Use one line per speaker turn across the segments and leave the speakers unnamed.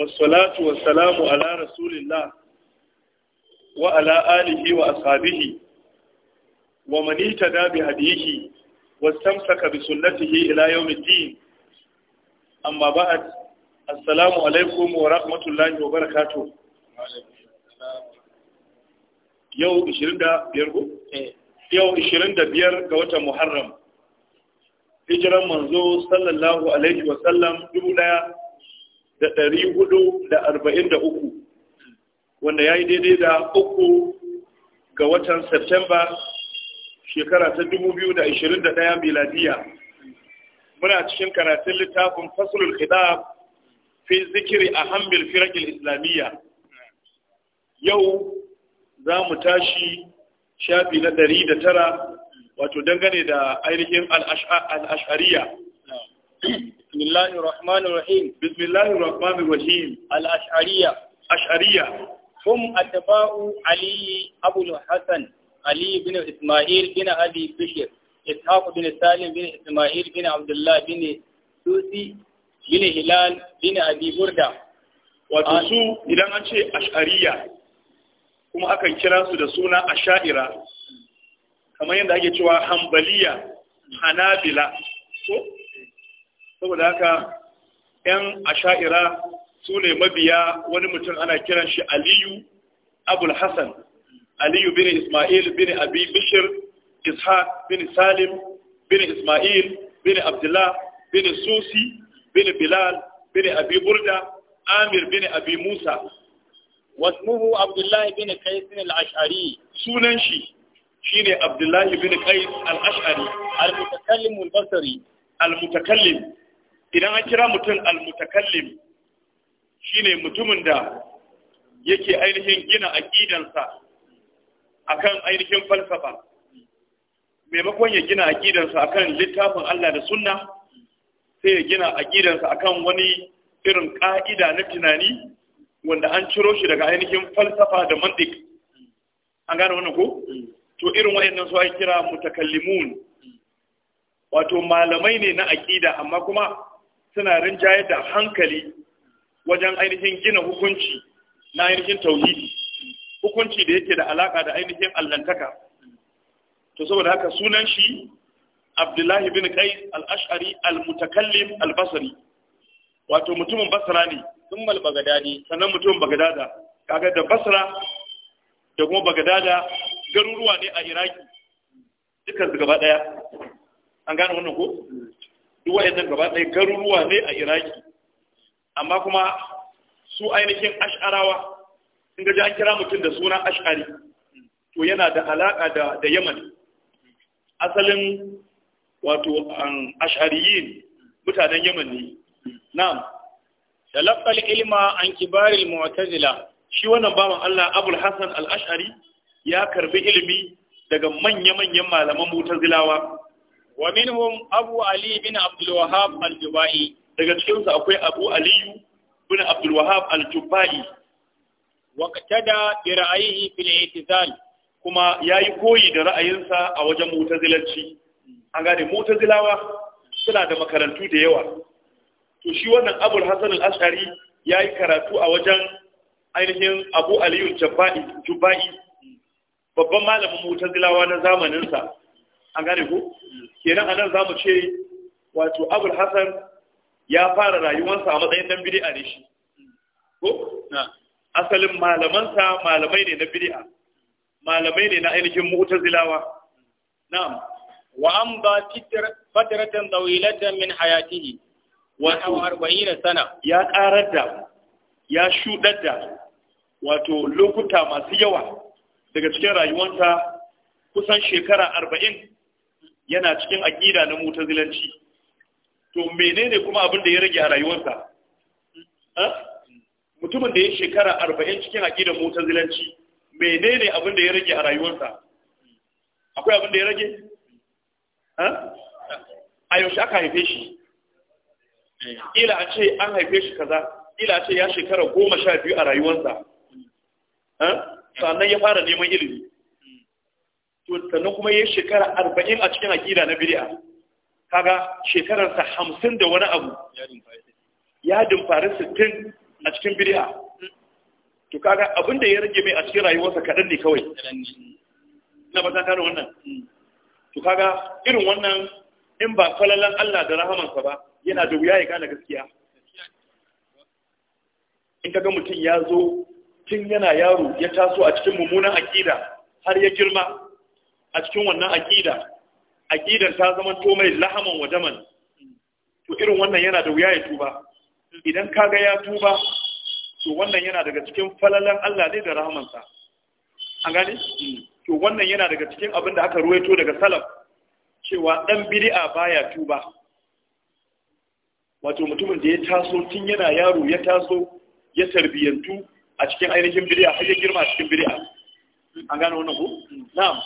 والصلاة والسلام على رسول الله وعلى آله وأصحابه ومن اهتدى بهديه واستمسك بسنته إلى يوم الدين أما بعد السلام عليكم ورحمة الله وبركاته yau 25 yau 25 ga watan Muharram hijiran manzo sallallahu alaihi wasallam 1400 da ɗari hudu da arba'in da uku wanda ya yi daidai da uku ga watan Septemba shekara ta dubu biyu da ashirin da ɗaya miladiya muna cikin karatun littafin fasulul khidab fi zikiri a hamil firakil islamiyya yau za mu tashi shafi na ɗari da tara wato dangane da ainihin al'ashariya بسم الله الرحمن الرحيم بسم الله الرحمن الرحيم الأشعرية أشعرية هم أتباع علي أبو الحسن علي بن إسماعيل بن أبي بشر إسحاق بن سالم بن إسماعيل بن عبد الله بن سوسي بن هلال بن أبي بردة وتسو إلى أن شيء أشعرية kuma akan kira su da suna asha'ira kamar yadda ake cewa hambaliya hanabila saboda haka yan asha'ira su ne mabiya wani mutum ana kiran shi aliyu abul hassan aliyu bin ismail bin abi bishir Isha bin salim bin ismail bin abdullah bin susi bin bilal bin abi burda amir bin abi musa wasmuhu abdullahi bin qais al-ash'ari sunan shi shi ne abdullahi bin qais al-ash'ari al-mutakallim al-basri al-mutakallim idan an kira mutum almutakallim shine mutumin da yake ainihin gina aqidansa akan ainihin falsafa maimakon ya gina aqidansa akan littafin Allah da sunna sai ya gina aqidansa akan wani irin ka'ida na tunani wanda an ciro shi daga ainihin falsafa da mantik an gane wannan ko to irin wayannan su ake kira mutakallimun wato malamai ne na aqida amma kuma suna rinjayar da hankali wajen ainihin gina hukunci na ainihin tauhidi hukunci da yake da alaka da ainihin allantaka to saboda haka sunan shi abdullahi bin qais al-ash'ari al-mutakallim al-basri wato mutumin basra ne sun mal bagadadi sannan mutumin bagadada kaga da basra da kuma bagadada garuruwa ne a iraki dukkan su gaba daya an gane wannan ko duk wayannan gaba ɗaya garuruwa ne a iraki amma kuma su ainihin ash'arawa in ga an kira mutum da suna ash'ari to yana da alaƙa da yaman asalin wato an um, ash'ariyin mutanen yaman ne na'am laƙal ilma an ta zila. shi wannan bawan Allah Abul hassan al-Ash'ari ya karbi ilimi daga manya-manyan malaman zilawa. wa minhum abu ali bin abdul wahab daga cikin su akwai abu ali bin abdul wahab al-jubai wa qatada bi ra'ayihi fil i'tizal kuma yayi koyi da ra'ayinsa a wajen mutazilanci an gane mutazilawa suna da makarantu da yawa to shi wannan abu hasan al-ash'ari yayi karatu a wajen ainihin abu aliyu Juba'i. babban malamin mutazilawa na zamaninsa an gane ko kenan anan zamu ce wato abul hasan ya fara rayuwarsa a matsayin dan bid'a ne shi ko na asalin malamansa malamai ne na bid'a malamai ne na ainihin mu'tazilawa na'am wa an ba fatratan dawilatan min hayatihi wa 40 sana ya karar da ya shudar da wato lokuta masu yawa daga cikin rayuwarsa kusan shekara arba'in yana cikin aƙida na mutazilanci to menene kuma abin da ya rage a rayuwarsa mutumin da ya shekara arba'in cikin aƙidar mutazilanci menene abin da ya rage a rayuwarsa akwai abin da ya rage a yaushe aka haife shi ila a ce an haife shi kaza ila a ce ya shekara goma sha biyu a rayuwarsa sannan ya fara neman ilimi sannan kuma ya shekara arba'in a cikin aƙida na biri'a, kaga shekararsa hamsin da wani abu ya dimfari sittin a cikin biri'a, to kaga abin da ya rage mai a cikin rayuwarsa kaɗan ne kawai na ba ta wannan to kaga irin wannan in ba falalan Allah da rahamansa ba yana da wuya ya gane gaskiya in kaga mutum ya zo tun yana yaro ya taso a cikin mummunan aƙida har ya girma a cikin wannan aƙida aƙidan ta zama to mai lahaman wa daman to irin wannan yana da wuya ya tuba idan ka ga ya tuba to wannan yana daga cikin falalan Allah ne da rahamansa an gane to wannan yana daga cikin abin da aka ruwaito daga salaf cewa dan bid'a baya tuba wato mutumin da ya taso tun yana yaro ya taso ya tarbiyantu a cikin ainihin bid'a har ya girma a cikin bid'a an gane wannan ko na'am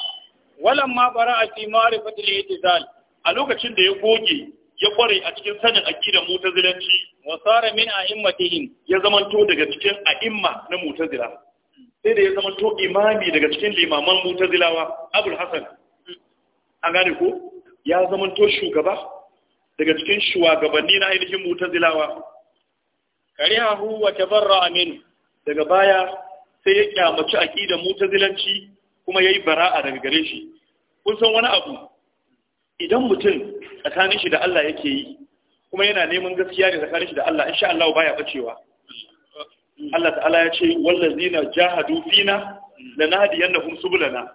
walan ma bara a fi ce i'tizal a lokacin da ya goge ya kware a cikin sanin aqidar mutazilanci wa sara min a'immatihim ya zamanto daga cikin a'imma na mutazila sai da ya zamanto imami daga cikin limaman mutazilawa abul hasan an gane ko ya zamanto shugaba daga cikin shugabanni na ainihin mutazilawa karihahu wa tabarra min daga baya sai ya kyamaci aqidar mutazilanci kuma ya yi bara'a daga gare shi kun san wani abu idan mutum tsakanin shi da Allah yake yi kuma yana neman gaskiya ne tsakanin shi da Allah insha Allah baya bacewa Allah ta'ala ya ce wallazina jahadu fina lanahdiyannahum subulana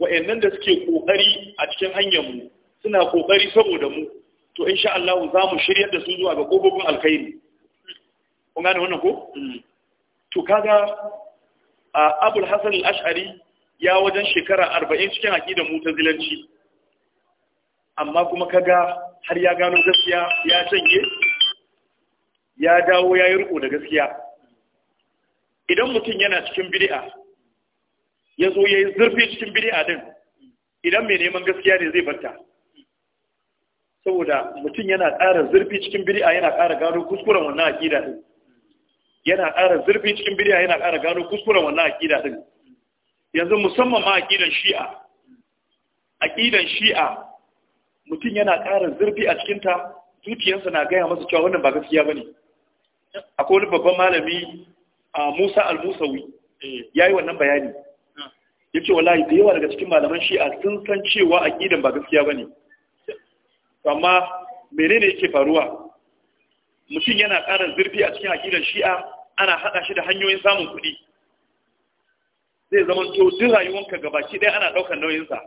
wa'annan da suke kokari a cikin hanyar mu suna kokari saboda mu to insha Allah za mu shiryar da su zuwa ga kofofin alkhairi kun gane wannan ko mm. to kaga abul hasan al-ash'ari ya wajen shekara arba'in cikin ta mutazilanci amma kuma kaga har ya gano gaskiya ya canje ya dawo ya yi riko da gaskiya idan mutum yana cikin bidi'a ya zo ya yi zurfi cikin bidi'a din idan mai neman gaskiya ne zai banta saboda mutum yana ƙara zurfi cikin bidi'a yana ƙara gano kuskuren wannan aƙida din yana ƙara zurfi cikin bidi'a yana ƙara gano kuskuren wannan aƙida din yanzu musamman ma aqidan shi'a aqidan shi'a mutum yana ƙara zurfi a cikin ta zuciyarsa na gaya masa cewa wannan ba gaskiya bane akwai wani babban malami a Musa al-Musawi eh. yayi wannan bayani ah. yace wallahi da yawa daga cikin malaman shi'a sun san cewa aqidan ba gaskiya bane amma menene yake faruwa mutum yana ƙara zurfi a cikin aqidan shi'a ana hada shi da hanyoyin samun kuɗi zai zama to duk rayuwanka shi ɗaya ana ɗaukar nauyinsa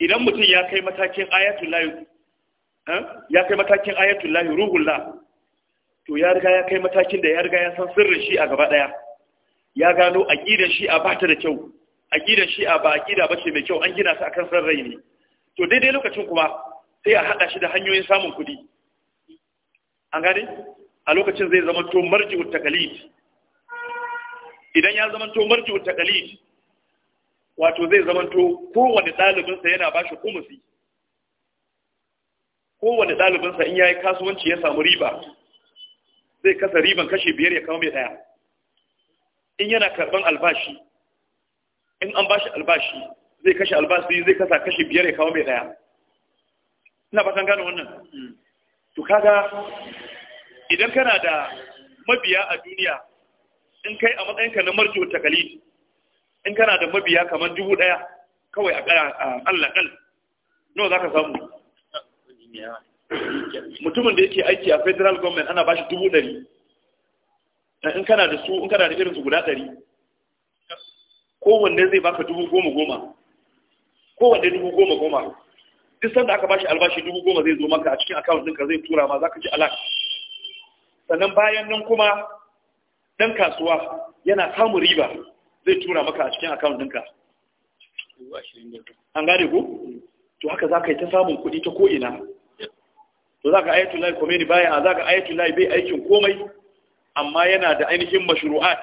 idan mutum ya kai matakin ayatullahi eh, ya kai matakin ruhullah to ya riga ya kai matakin da ya riga ya san sirrin shi a gaba ɗaya ya gano aqidar shi a bata da kyau aqidar shi a ba aqida bace mai kyau an gina su akan san rai ne to daidai lokacin kuma sai a hada shi da hanyoyin samun kuɗi an gane a lokacin zai zama to marji'ut takalid idan ya zamanto marji'u taqlid wato zai zamanto kowane ɗalibinsa sa yana bashi kumusi kowane ɗalibin sa in yayi kasuwanci ya samu riba zai kasa riban kashi biyar ya kawo mai daya in yana karban albashi in an bashi albashi zai kashe albashi zai kasa kashi biyar ya kawo mai daya ina fatan gane wannan mm. to kaga idan kana da mabiya a duniya in kai a matsayinka na marjo takalid in kana da mabiya kamar dubu ɗaya kawai a Allah kal nawa za ka samu mutumin da yake aiki a federal government ana bashi dubu ɗari eh, in kana da su in kana da irinsu guda ɗari kowanne zai baka dubu goma goma kowanne dubu goma goma duk sanda aka bashi albashi dubu goma zai zo maka a cikin akawun ɗinka zai tura ma za ka ji alak sannan bayan nan kuma dan kasuwa yana samun riba zai tura maka a cikin account ɗinka an gane ku to haka za ka yi ta samun kuɗi ta ko'ina to za ka ayatul lai komeni baya a za ka ayatul lai bai aikin komai amma yana da ainihin mashru'at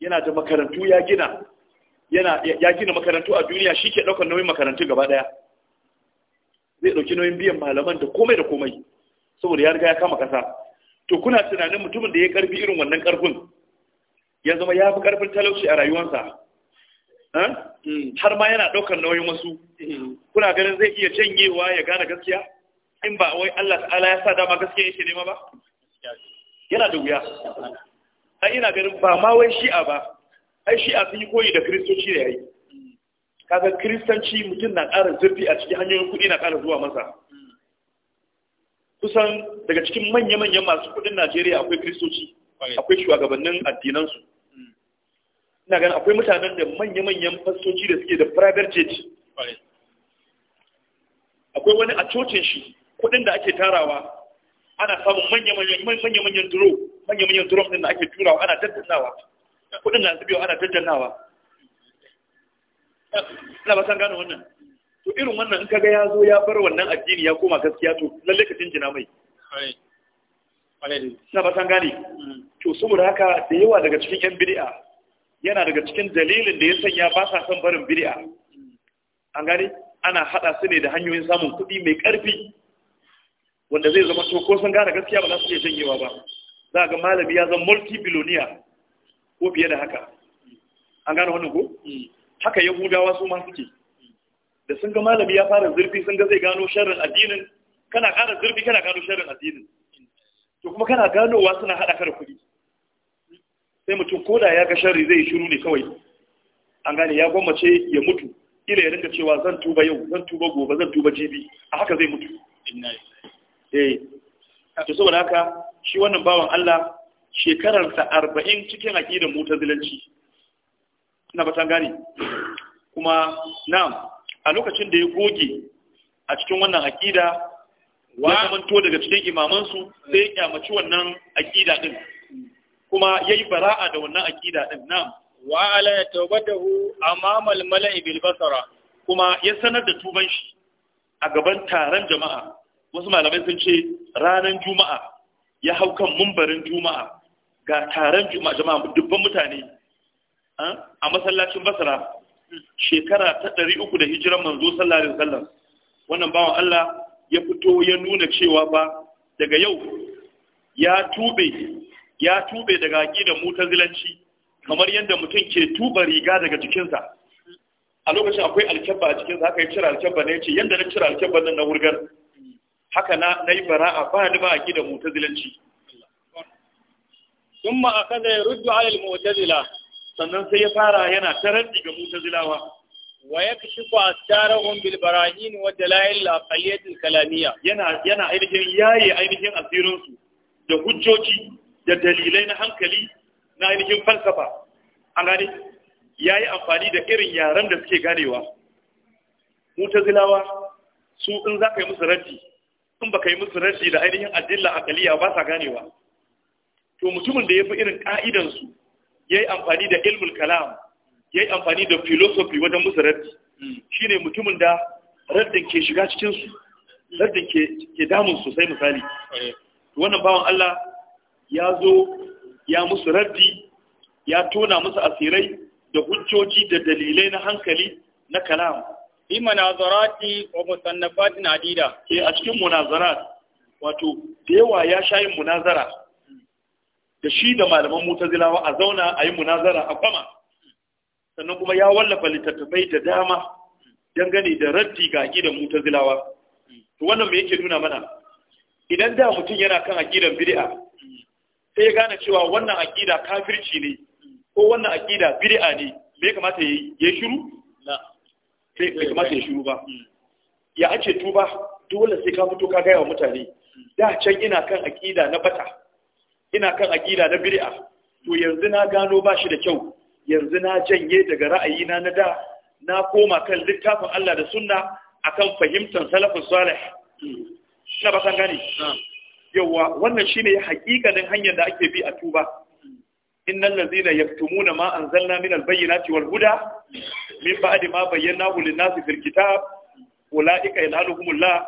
yana da makarantu ya gina yana ya gina makarantu a duniya shi ke ɗaukar nauyin makarantu gaba ɗaya zai ɗauki nauyin biyan malaman da komai da komai saboda ya riga ya kama ƙasa to kuna tunanin mutumin da ya karfi irin wannan karfin ya zama ya fi karfin talauci a rayuwarsa hmm. har ma yana ɗaukar nauyin wasu hmm. kuna ganin zai iya canyewa ya gane gaskiya in ba wai Allah ta'ala ya sa dama gaskiya yake nema ba yana da wuya ai ina ganin ba ma wai shi'a ba ai shi'a sun yi koyi da kristoci da yayi hmm. kaga kristanci mutum na ƙara zurfi a cikin hanyoyin kuɗi na ƙara zuwa masa kusan daga cikin manya-manyan masu kudin Najeriya akwai kristoci akwai shugabannin addinansu hmm. ina ganin akwai mutanen da manya-manyan fasoci da suke da private jet akwai wani a cocin shi kudin da ake tarawa ana samun manya-manyan duro manya-manyan duro din da ake turawa ana daddannawa kudin na zubewa ana daddannawa ina ba san gano wannan to irin wannan in kaga ya zo ya bar wannan addini ya koma gaskiya to lalle ka jinjina mai na ba san gane mm. to saboda haka da yawa daga cikin yan bid'a yana daga cikin dalilin da ya sanya ba sa son barin bid'a mm. an gane ana hada su ne da hanyoyin samun kuɗi mai ƙarfi wanda zai zama to ko sun gane gaskiya ba za su iya janyewa ba za ga malami ya zama multi billionaire ko fiye da haka mm. an gane wannan ko haka yahudawa su ma suke da sun ga malami ya fara zurfi sun ga zai gano sharrin addinin kana kara zurfi kana gano sharrin addinin to kuma kana ganowa suna haɗa kar kuɗi sai mutum ko da ya ga sharri zai shiru ne kawai an gane ya gwammace ya mutu ila ya ringa cewa zan tuba yau zan tuba gobe zan tuba jibi a haka zai mutu eh to saboda haka shi wannan bawan Allah shekararsa arba'in cikin aƙidar mutazilanci na ba gane kuma na'am a lokacin da ya goge a cikin wannan aƙida ya zamanto daga cikin imamansu sai ya kyamaci wannan aƙida ɗin kuma ya yi bara'a da wannan aƙida ɗin na wa ala ya a mamal mala'i bil basara kuma ya sanar da tuban shi a gaban taron jama'a wasu malamai sun ce ranar juma'a ya hau kan mumbarin juma'a ga taron jama'a dubban mutane ah, a masallacin basara shekara ta ɗari uku da hijiran manzo sallallahu alaihi wasallam wannan bawan Allah ya fito ya nuna cewa ba daga yau ya tube ya tube daga aqidar mutazilanci kamar yadda mutum ke tuba riga daga jikinsa a lokacin akwai alkyabba a cikinsa haka ya cire alkyabba ne ce yadda na cire alkyabba nan na wurgar haka na na yi bara'a ba ni ba aqidar mutazilanci ثم ya يرد على mutazila sannan sai ya fara yana taraddi ga zilawa wa ya kashi bil a tarahun bilbarahin wa dalayin al kalamiya. yana ainihin yaye ainihin asirinsu, da hujjoji da dalilai na hankali na ainihin falsafa gani ya yi amfani da irin yaren da suke ganewa zilawa su in za ka yi musu raddi in ba ka yi musu raddi da ainihin adilla akaliya ba sa ganewa to mutumin da ya fi irin ka'idansu Ya yi amfani da ilmul kalam ya yi amfani da filosofi wajen musu raddi hmm. ne mutumin da raddin ke shiga cikinsu, ke damun damun sosai misali wannan bawan Allah ya zo ya musu raddi ya tona musu asirai da hujjoji da dalilai na hankali na kalam fi munazarati wa musannafatin adida ke eh, a cikin munazarat wato da yawa ya sha yin munazara da shi da malaman mutazilawa a zauna a yi munazara a kwama sannan kuma ya wallafa littattafai da dama dangane da raddi ga aƙidan mutazilawa to wannan me yake nuna mana idan da mutum yana kan aƙidan bid'a sai ya gane cewa wannan aƙida kafirci ne ko wannan aƙida bid'a ne me ya kamata ya yi shiru sai ya kamata ya shiru ba ya ake tuba dole sai ka fito ka gaya wa mutane da can ina kan aƙida na bata ina kan aƙida na biri'a. to yanzu na gano ba shi da kyau yanzu na janye daga ra'ayina na da na koma kan littafin Allah da sunna akan fahimtar salafin salih ina basan gani yawa wannan shine haƙiƙanin hanyar da ake bi a tuba innal ladzina yaktumuna ma anzalna min albayyinati wal huda min ba'di ma bayyanahu lin-nasi fil kitab ulaika yalhanuhumullah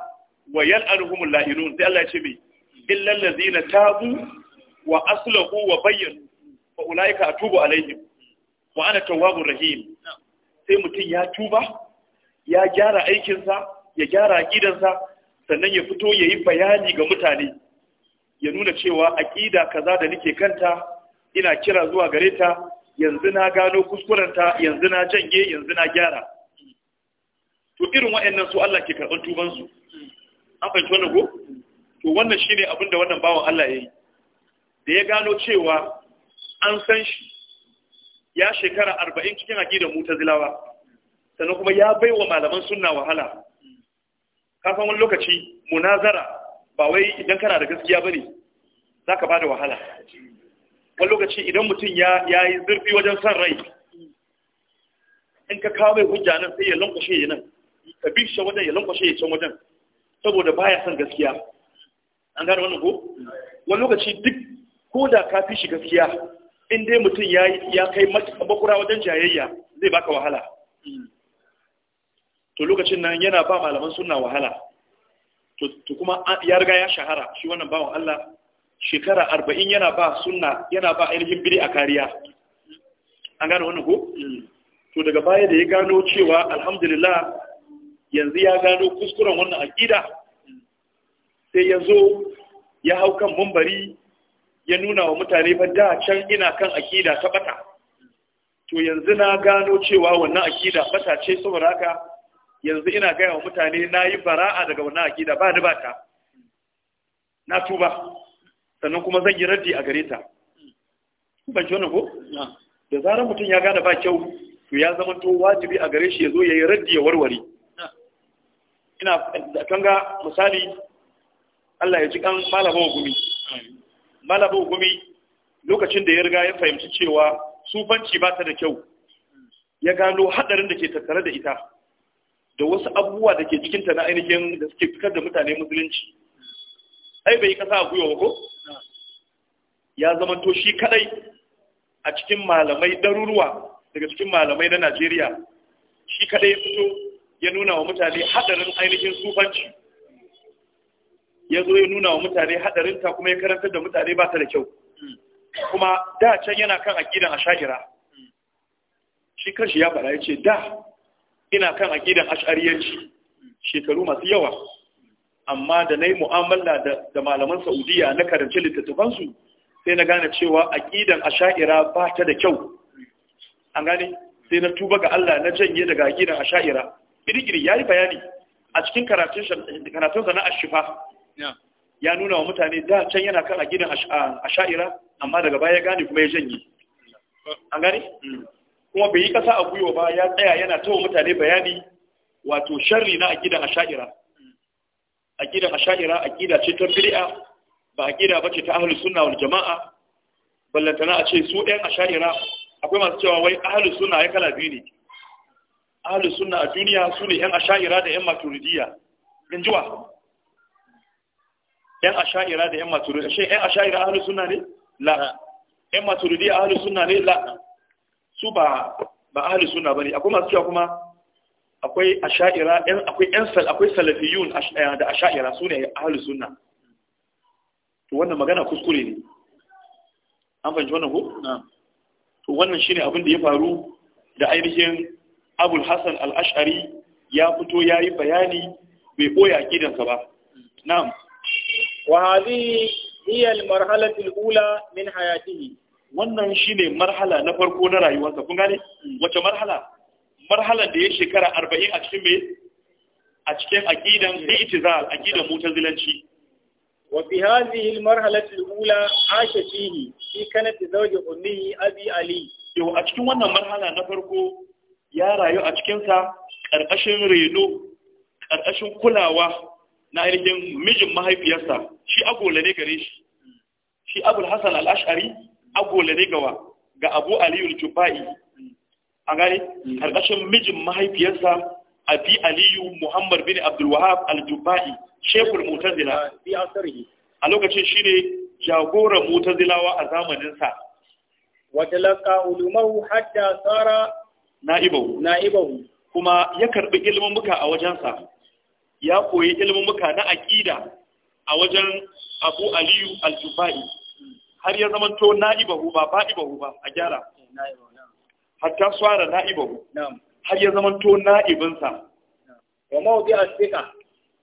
wa yal'anuhumul la'inun sai Allah ya ce bi illal ladzina tabu wa aslahu wa bayyanu fa ulaika atubu alaihim wa ana tawwabur rahim sai mutum ya tuba ya gyara aikinsa ya gyara gidansa, sannan ya fito ya yi bayani ga mutane ya nuna cewa aqida kaza da nake kanta ina kira zuwa gareta, ta yanzu na gano kuskurenta yanzu na janye yanzu na gyara to irin wa'annan su Allah ke karɓar tubansu an fahimci wannan go? to wannan shine abinda wannan bawan Allah ya yi da ya gano cewa an san shi ya shekara arba'in cikin aƙidar zilawa sannan kuma ya bai wa malaman suna wahala kafin wani lokaci munazara ba wai idan kana da gaskiya ba ne za ka ba da wahala wani lokaci idan mutum ya yi zurfi wajen son rai in ka kawo mai hujja nan sai ya lankwashe ya nan ka bi shi wajen ya lankwashe ya can wajen saboda baya son gaskiya an gane wannan ko wani lokaci duk ko da ka fi shi gaskiya in dai mutum ya kai makura wajen jayayya zai baka wahala to lokacin nan yana ba malaman suna wahala to kuma ya riga ya shahara shi wannan bawan Allah shekara arba'in yana ba suna yana ba ainihin biri a kariya an gane wannan ko to daga baya da ya gano cewa alhamdulillah yanzu ya gano kuskuren wannan aƙida sai ya zo ya hau kan mumbari ya nuna wa mutane ba da can ina kan akida ta bata to yanzu na gano cewa wannan akida bata ce saboda haka yanzu ina gaya wa mutane na yi bara'a daga wannan akida ba ni ba ta na tuba sannan kuma zan yi raddi a gare ta ban ji wannan ko da zarar mutum ya gane ba kyau to ya zama to wajibi a gare shi ya zo ya yi raddi ya warware ina kan ga misali Allah ya ji kan malama gumi malabo gumi lokacin da ya riga ya fahimci cewa sufanci ba ta da kyau ya gano hadarin da ke tattare da ita da wasu abubuwa da ke cikinta na ainihin da suke fitar da mutane musulunci ai bai kasa a gwiwa ko ya zama to shi kadai a cikin malamai ɗaruruwa daga cikin malamai na Najeriya shi kadai fito ya nuna wa mutane hadarin ainihin sufanci ya zo ya nuna wa mutane hadarinta kuma ya karantar da mutane ba ta da kyau kuma da can yana kan aƙidan asha'ira shi kanshi ya faɗa ya da ina kan aƙidan ash'ariyanci shekaru masu yawa amma da na yi mu'amala da malaman saudiya na karanci littattafansu sai na gane cewa aƙidan asha'ira ba ta da kyau an gane sai na tuba ga Allah na janye daga aƙidan asha'ira ƙirƙiri ya yi bayani a cikin karatun na ashifa ya nuna wa mutane da can yana kan a gidan ash'ira amma daga baya gane kuma ya janye an gani hmm. kuma bai yi kasa a gwiwa ba ya tsaya yana wa mutane bayani wato sharri na a gidan aqidan A aqidan a gida ce ta bid'a ba gida bace ta ahlus sunna wal jamaa ballantana a ce su ɗan ash'ira akwai masu cewa wai ahlus sunna ya kala biyu ne ahlus sunna a duniya su ne yan ash'ira da yan maturidiyya injiwa yan asha'ira da yan maturidi shi yan asha'ira ahli suna ne la yan maturidi ahli suna ne la su ba ba suna ba ne akwai masu cewa kuma akwai asha'ira akwai yan sal akwai salafiyun eh, da asha'ira su ne ahli suna to wannan magana kuskure ne an fahimci wannan ko to wannan shi ne abin da ya faru da ainihin Abul Hassan Al-Ash'ari ya fito ya yi bayani bai boya kidansa ba mm. na'am وهذه هي المرحلة الأولى من حياته wannan shine marhala na farko na rayuwarsa kun gane hmm. wace marhala marhalar da ya shekara 40 a cikin me a cikin aqidan hmm. i'tizal aqidan mutazilanci wa fi hadhihi al ula asha fihi fi kanat zawji ummi abi ali yau a cikin wannan marhala na farko ya rayu a cikin sa karkashin reno karkashin kulawa na ainihin mijin mahaifiyarsa shi agola ne gare shi shi abul hasan al-ash'ari agola ne gawa ga abu aliyu jubai a gani mm. karkashin mijin mahaifiyarsa abi aliyu muhammad bin abdul wahab al-jubai shekul mutazila ah, a lokacin shi ne jagoran mutazilawa a zamaninsa laka ulumahu hatta tsara na'ibahu kuma ya karbi ilmin muka a wajensa ya koyi ilmumuka na aƙida a wajen abu aliyu al-jufa'i har ya zama to na'ibahu ba ba'ibahu ba a gyara hatta tsara na'ibahu har ya zama to na'ibinsa zai a asika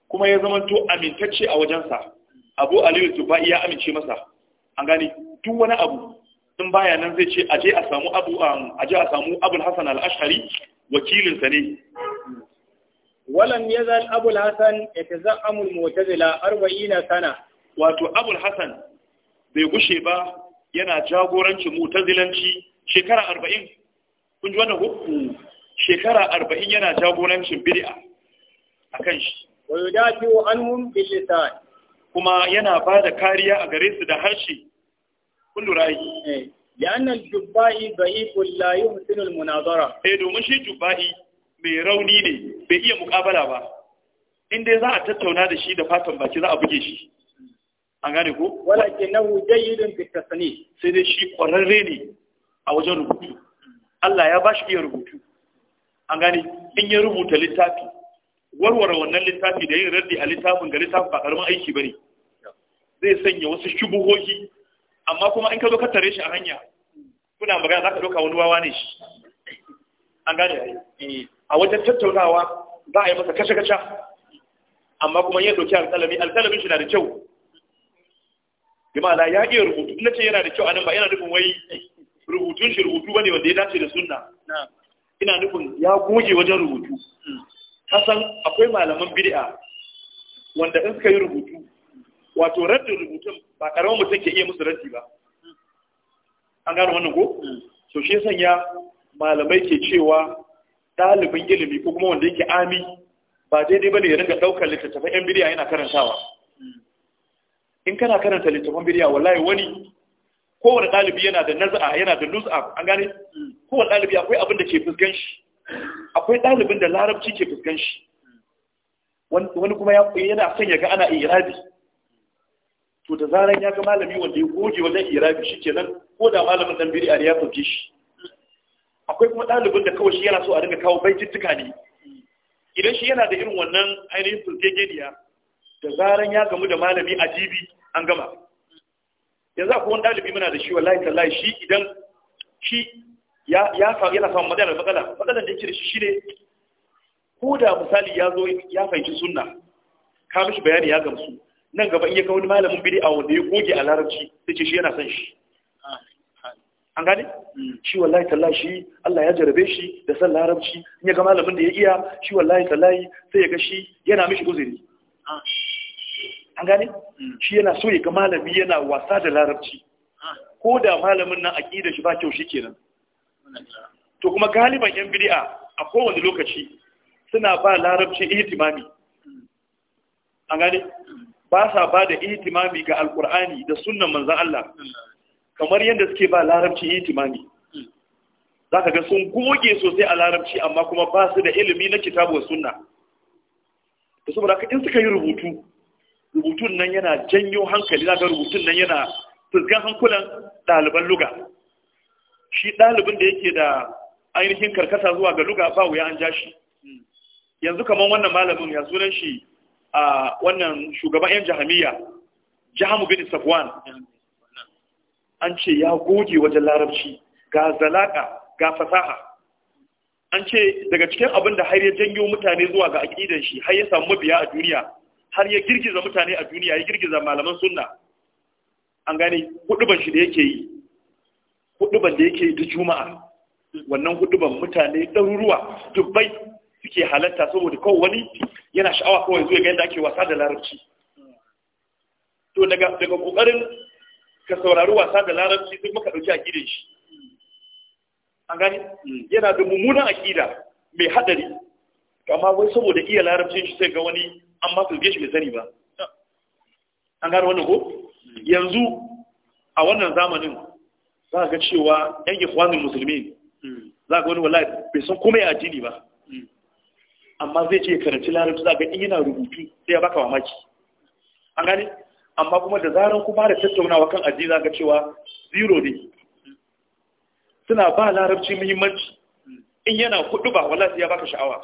kuma ya zama to amintacce a wajensa abu aliyu al-jufa'i ya amince masa an gani duk wani abu in baya nan zai ce aje a samu abu um, aje a samu abul hasan al-ashari wakilinsa ne walam yazal abul hasan yatazammu mu'tazila 40 sana wato abul bai gushe ba yana jagorancin mu'tazilanci shekara 40 kun ji wannan hukku shekara 40 yana jagorancin bid'a akan shi wa yudafi'u anhum bil kuma yana ba da kariya a gare su da harshe yana lura yi eh, li'anna munazara eh domin shi jubba'i mai rauni ne bai iya mukabala ba in dai za a tattauna da shi da fatan baki za a buge shi an gane ko walakinahu jayyidun fi tasani sai dai shi kwararre ne a wajen rubutu Allah ya bashi iya rubutu an gane in ya rubuta littafi warware wannan littafi da yin raddi a littafin ga littafin ba karamin aiki bane zai sanya wasu shubuhohi amma kuma in ka zo ka tare shi a hanya kuna magana za ka ɗauka wani wawa ne shi an gane a wajen tattaunawa za a yi masa kashe-kashe amma kuma yin doki alkalami. Alkalami shi na da kyau bi ya iya rubutu na ce yana da kyau a nan ba yana nufin wai rubutun shi rubutu ne wanda ya dace da suna. ina nufin ya goge wajen rubutu kasan akwai malaman bid'a wanda in suka yi rubutu wato raddin rubutun ba karamin mutum ke iya musu raddi ba an gano wannan ko so mm. shi sanya malamai ke cewa ɗalibin ilimi ko kuma wanda yake ami ba daidai bane ya ringa ɗaukar littattafan yan bidiya yana karantawa in kana karanta littattafan bidiya wallahi wani kowane ɗalibi yana da naza'a yana da nuz'a an gane kowane ɗalibi akwai abin da ke fuskan shi akwai ɗalibin da larabci ke fuskan shi wani kuma ya yana son ya ga ana irabi to da zaran ya ga malami wanda ya goge wajen irabi shi kenan ko da malamin dan biriya ne ya fuske shi akwai kuma ɗalibin da kawai shi yana so a dinga kawo bai cittuka ne idan shi yana da irin wannan ainihin turkegeniya da zaran ya gamu da malami a jibi an gama yanzu akwai wani ɗalibi muna da shi wallahi tallahi shi idan shi ya yana samun matsalar matsala matsalar da yake da shi shi ne ko da misali ya zo ya fahimci sunna ka mishi bayani ya gamsu nan gaba in ya ga wani malamin bidi a wanda ya goge a larabci da ce shi yana son shi an gane shi wallahi tallahi shi Allah ya jarabe shi da san larabci in ya ga malamin da ya iya shi wallahi tallahi sai ya ga shi yana mishi uzuri an gane shi yana so ya ga malami yana wasa da larabci ko da malamin nan aqida shi ba kyau shi kenan? to kuma galiban yan bid'a a kowane lokaci suna ba larabci ihtimami an gane ba sa ba da ihtimami ga alqur'ani da sunnan manzon Allah kamar yadda suke ba larabci itimami za ka ga sun goge sosai a larabci amma kuma ba su da ilimi na kitabu sunna da saboda haka in suka yi rubutu rubutun nan yana janyo hankali za ga rubutun nan yana fuskan hankulan ɗaliban luga shi ɗalibin da yake da ainihin karkasa zuwa ga luga ba wuya an ja shi yanzu kamar wannan malamin ya sunan shi a wannan shugaban yan jahamiya jahamu bin safwan an ce ya goge wajen larabci ga zalaka ga fasaha an ce daga cikin abin da har ya janyo mutane zuwa ga aƙidar shi har ya samu mabiya a duniya har ya girgiza mutane a duniya ya girgiza malaman sunna an gane huduban shi da yake yi huduban da yake yi da juma'a wannan huduban mutane ɗaruruwa dubbai suke halatta saboda kawai wani yana sha'awa kawai zuwa ga yadda ake wasa da larabci to daga daga kokarin ka saurari wasa da larabci duk maka dauki gidan shi an gani yana da mummunan akida mai hadari amma wai saboda iya larabcin shi sai ga wani an ma sulge shi bai sani ba an gani wannan ko yanzu a wannan zamanin za ga cewa yan ikhwanul musulmi za ga wani wallahi bai san komai addini ba amma zai ce karanci larabci za ga in yana rubutu sai ya baka mamaki an gani amma kuma da zaran kuma da tattaunawa kan addini ga cewa zero ne suna ba larabci muhimmanci in yana kudu ba wallahi ya baka sha'awa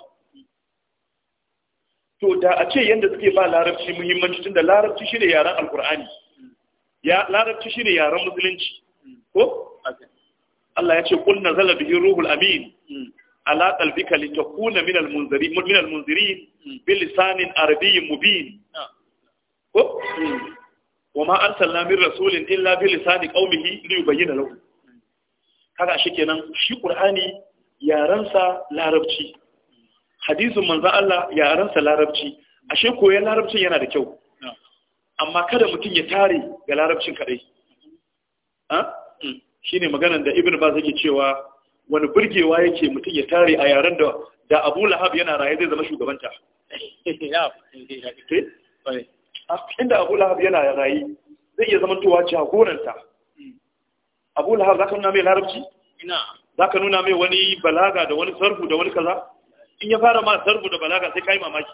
to da a ce yanda suke ba larabci muhimmanci tunda larabci shine yaren alkur'ani ya larabci shine yaren musulunci ko Allah ya ce kul nazala bihi ruhul amin ala qalbika litakuna min almunzirin min almunzirin bilisanin arabiyyin mubin ah. ko wa ma arsalna min rasulin illa bi lisani qaumihi li yubayyana lahu kaga shi kenan shi qur'ani yaransa larabci hadisin manza Allah yaransa larabci ashe koyan larabcin yana da kyau amma kada mutum ya tare ga larabcin kadai ah? shine maganar da ibn baz yake cewa wani burgewa yake mutum ya tare a yaren da da Abu Lahab yana raye zai zama shugabanta eh? inda abu lahab yana rayi zai iya zamantowa jagoranta abu lahab za ka nuna mai larabci za ka nuna mai wani balaga da wani sarfu da wani kaza in ya fara ma sarfu da balaga sai kai mamaki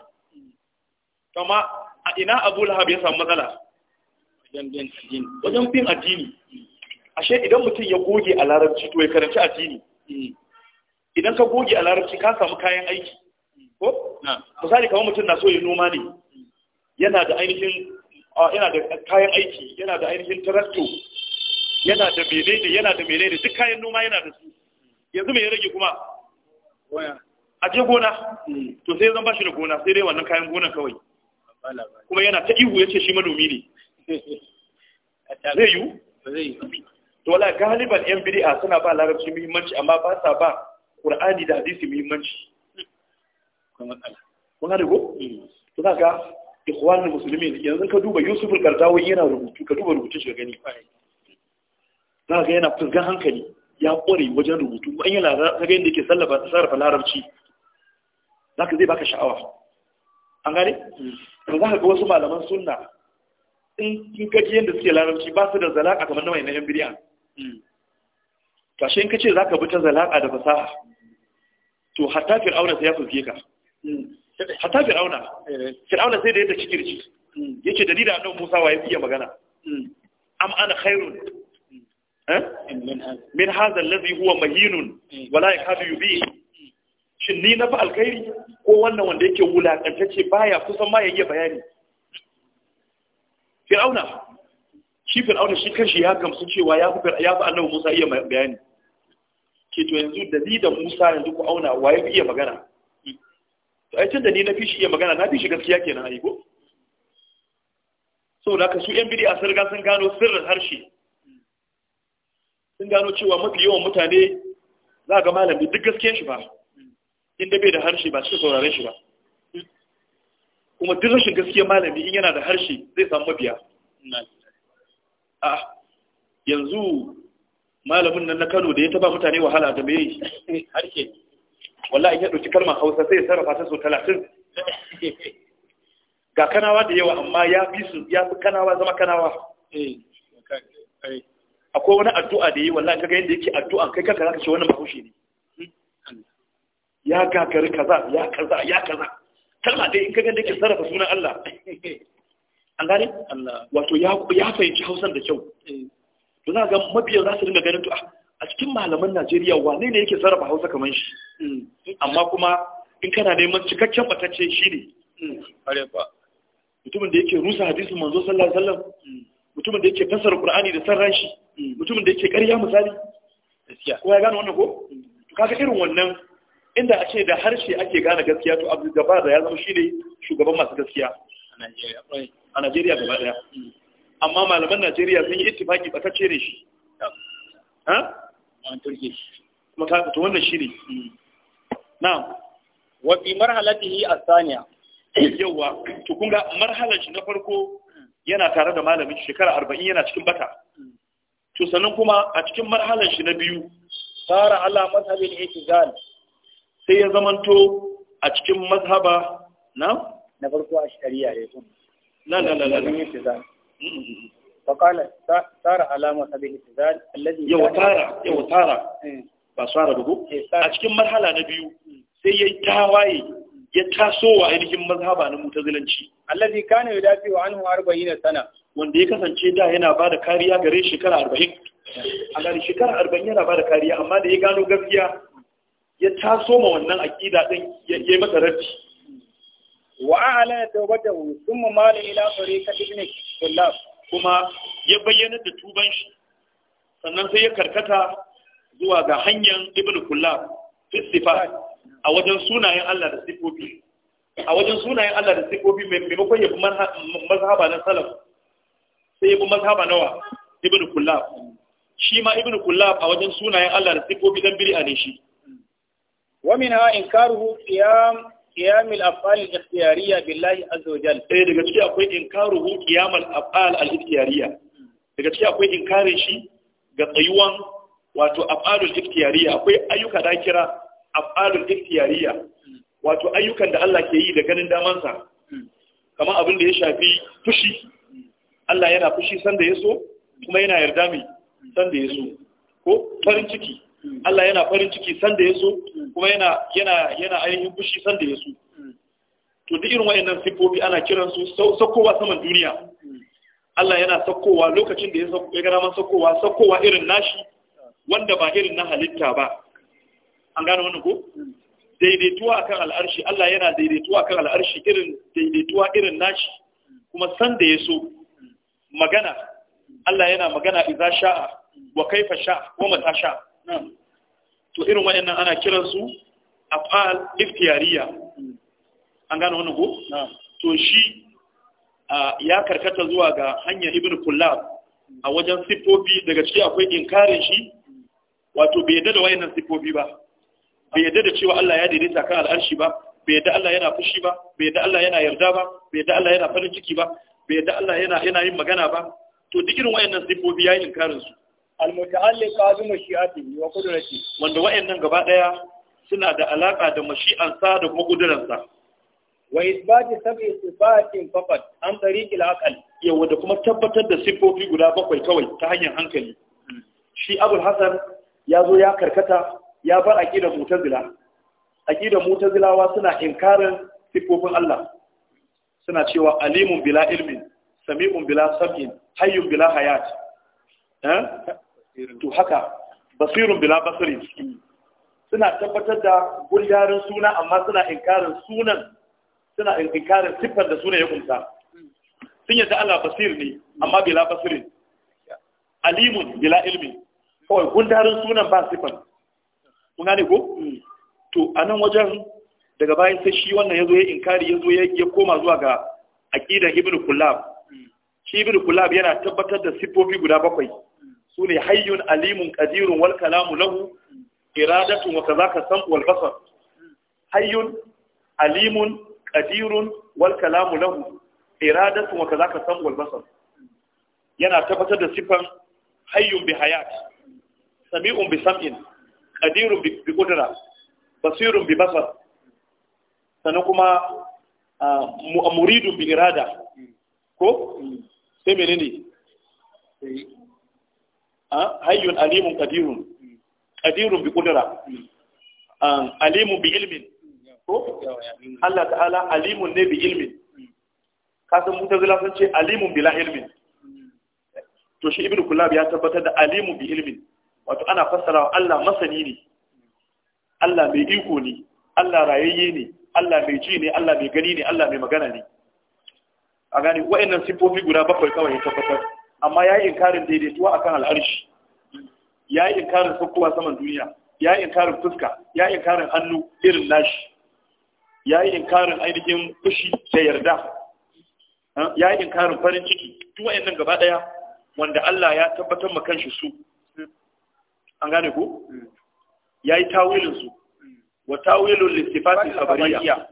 kama a ina abu lahab ya samu matsala wajen bin addini ashe idan mutum ya goge a larabci to ya karanci addini hmm. idan ka goge a larabci ka samu kayan aiki ko misali kamar mutum na so ya noma ne yana da ainihin yana da kayan aiki yana da ainihin tarakto yana da menene yana da menene duk kayan noma yana da su yanzu mai rage kuma a je gona hmm. to sai zan bashi da gona sai dai wannan kayan gonan kawai kuma yana ta ihu ya ce shi manomi ne zai yi to wala galiban yan bid'a suna ba larabci muhimmanci amma ba sa ba qur'ani da hadisi muhimmanci kuma da ko hmm. to kaga ikhwanul muslimin yanzu ka duba yusuful al-qardawi yana rubutu ka duba rubutun shi gani za ga yana fuskan hankali ya kware wajen rubutu an yi ka ga yadda yake sallafa sarrafa larabci za ka zai baka sha'awa an gane to hmm. zaka ka ga wasu malaman sunna in kin ji yadda suke larabci ba su da zalaka kamar na mai nan yan bidiya hmm. to shi in ka ce za ka bi ta zalaka da fasaha to hatta fir'auna sai ya fuske ka hmm. hatta fir'auna fir'auna sai da yadda kikirci yace da ni da annabi Musa waye iya magana am ana khairun eh? min hadha alladhi huwa mahinun wala yakadu yubi shin ni na fa alkhairi ko wannan wanda yake wulakantacce baya kusan ma yayi bayani fir'auna shi fir'auna shi kanshi ya gamsu cewa ya fi ya fi Musa iya bayani ke to yanzu da ni da Musa yanzu ku auna waye iya magana to ai da ni na fi shi iya magana na fi shi gaskiya kenan ai ko da ka su yan bidi a sirga sun gano sirrin harshe sun gano cewa mafi yawan mutane za ga malami duk gaskiyar shi ba inda bai da harshe ba cikin sauraren shi ba kuma duk rashin gaskiyar malami in yana da harshe zai samu mabiya a yanzu malamin nan na Kano da ya taba mutane wahala da me harshe wallahi ya ɗauki kalmar hausa sai ya sarrafa ta sau talatin ga kanawa da yawa amma ya fi su ya fi kanawa zama kanawa eh, eh. akwai wani addu'a da yi wallahi kaga yadda yake addu'a kai kanka zaka ce wannan haushi ne hmm? ya gagari kaza ya kaza ya kaza kalma dai in kaga da yake sarrafa sunan Allah an gane wato ya ya fahimci Hausan da kyau eh. to za ga mabiya za su dinga ganin to ah a cikin malaman Najeriya wane ne yake sarrafa Hausa kamar shi amma kuma in kana neman cikakken batacce shi ne mutumin da yake rusa hadisin manzo sallallahu alaihi wasallam mutumin da yake fassara Qur'ani da san shi mutumin da yake ƙarya misali gaskiya ko ya gane wannan ko to kaga irin wannan inda a ce da harshe ake gane gaskiya to Abdul Jabbar da ya zama shi ne shugaban masu gaskiya a Najeriya gaba daya mm. amma malaman Najeriya sun yi ittifaki batacce ne shi to wannan shi ne na'am wa fi marhalatihi as-saniya yawa to kunga ga marhalar shi na farko yana tare da malamin shekara 40 yana cikin bata to sannan kuma a cikin marhalar shi na biyu fara ala mazhabin itizal sai ya zamanto a cikin mazhaba na na farko a shari'a ne
la la la la
فقال سار على مذهب الاتزال الذي يوتارا يوتارا ba su rabu ko a cikin marhala na biyu sai ya tawaye ya taso wa ainihin mazhaba na mutazilanci allazi kana yudafi wa anhu 40 sana wanda ya kasance da yana ba da kariya gare shekara 40 a gare shekara 40 yana ba da kariya amma da ya gano gaskiya ya taso ma wannan aqida din ya yi masa rabbi wa ala tawbatahu thumma mal ila tariqat ibn kullab kuma ya bayyana da tuban shi sannan sai ya karkata zuwa ga hanyar ibn kullab fisifat a wajen sunayen Allah da sifofi a wajen sunayen Allah da sifofi maimakon ya mazhaba na salaf sai ya mazhaba nawa ibn kullab shi ma ibn kullab a wajen sunayen Allah da sifofi dan bid'a ne shi wa minha inkaruhu qiyam qiyam al-af'al al-ikhtiyariyya billahi azza wa jalla eh daga ciki akwai inkaruhu qiyam al-af'al al-ikhtiyariyya daga ciki akwai inkarin shi ga tsayuwan wato af'alul ikhtiyariya akwai ayyuka da kira af'alul ikhtiyariya wato ayyukan da Allah ke yi da ganin damansa kamar abin da ya shafi fushi Allah yana fushi sanda ya so kuma yana yarda mai sanda ya so ko farin ciki Allah yana farin ciki sanda ya so kuma yana yana yana ainihin fushi sanda ya so to duk irin wayannan sifofi ana kiran su sakkowa saman duniya Allah yana sakkowa lokacin da ya ga man sakkowa sakkowa irin nashi wanda ba irin na halitta ba an gane wani ku daidaituwa akan al'arshi Allah yana daidaituwa akan al'arshi irin daidaituwa irin nashi kuma san da yaso magana Allah yana magana idza sha'a wa kaifa sha'a wa mata sha'a to irin wayannan ana kiran su afal iftiyariya an gane wani ku to shi ya karkata zuwa ga hanyar ibn kullab a wajen siffofi daga ciki akwai inkarin shi wato bai yadda da wayannan sifofi ba bai yadda da cewa Allah ya daidaita kan al'arshi ba bai yadda Allah yana fushi ba bai yadda Allah yana yarda ba bai yadda Allah yana farin ciki ba bai yadda Allah yana yin magana ba to duk irin wayannan sifofi ya yi inkarin su al-muta'alliqa bi wa qudratihi wanda wayannan gaba daya suna da alaka da mashi'ansa da kuma kuduransa wa isbati sab'i sifatin faqat an tariqi al-aql yawa da kuma tabbatar da sifofi guda bakwai kawai ta hanyar hankali shi abul hasan ya zo ya karkata ya bar aqidar mu'tazila aqidar mu'tazilawa suna inkarin sifofin Allah suna cewa alimun bila ilmin sami'un bila sab'in hayyun bila hayat eh? to haka basirun bila basirin suna tabbatar da gundarin suna amma suna inkarin sunan suna inkarin sifar da sunan ya kunta sun yadda Allah basir ne amma bila basirin alimun bila ilmi kawai gundarin sunan ba sifan mun gane ko hmm. to a nan wajen daga bayan sai shi wannan ya zo ya inkari ya zo ya koma zuwa ga aqidan ibnu kullab hmm. shi ibnu kullab yana tabbatar da sifofi guda bakwai hmm. sune hayyun alimun qadirun wal kalamu lahu iradatun wa kazaka samu wal basar hayyun alimun qadirun wal kalamu lahu iradatun wa kazaka samu wal basar yana tabbatar da sifan hayyun bi hayat sami'un bi sam'in qadirun bi qudra basirun bi basar sannan kuma muridun bi irada ko sai menene hayyun ilmin ko Allah ta'ala alimun ne bi ilmin kasan mutazila sun ce alimun bila ilmin to shi Ibn kullab ya tabbatar da alimun bi ilmin wato ana wa Allah masani ne Allah mai iko ne Allah rayayye ne Allah mai ji ne Allah mai gani ne Allah mai magana ne a gani wa'annan sifofi guda bakwai kawai ya tabbatar amma ya yi inkarin daidaituwa akan al'arshi ya yi inkarin saukowa saman duniya ya yi inkarin fuska ya yi inkarin hannu irin nashi ya yi inkarin ainihin fushi da yarda ya yi inkarin farin ciki duk wa'annan gaba daya wanda Allah ya tabbatar ma kanshi su an gane ku ya tawilin tawilinsu wa tawilin lissifatil kabariya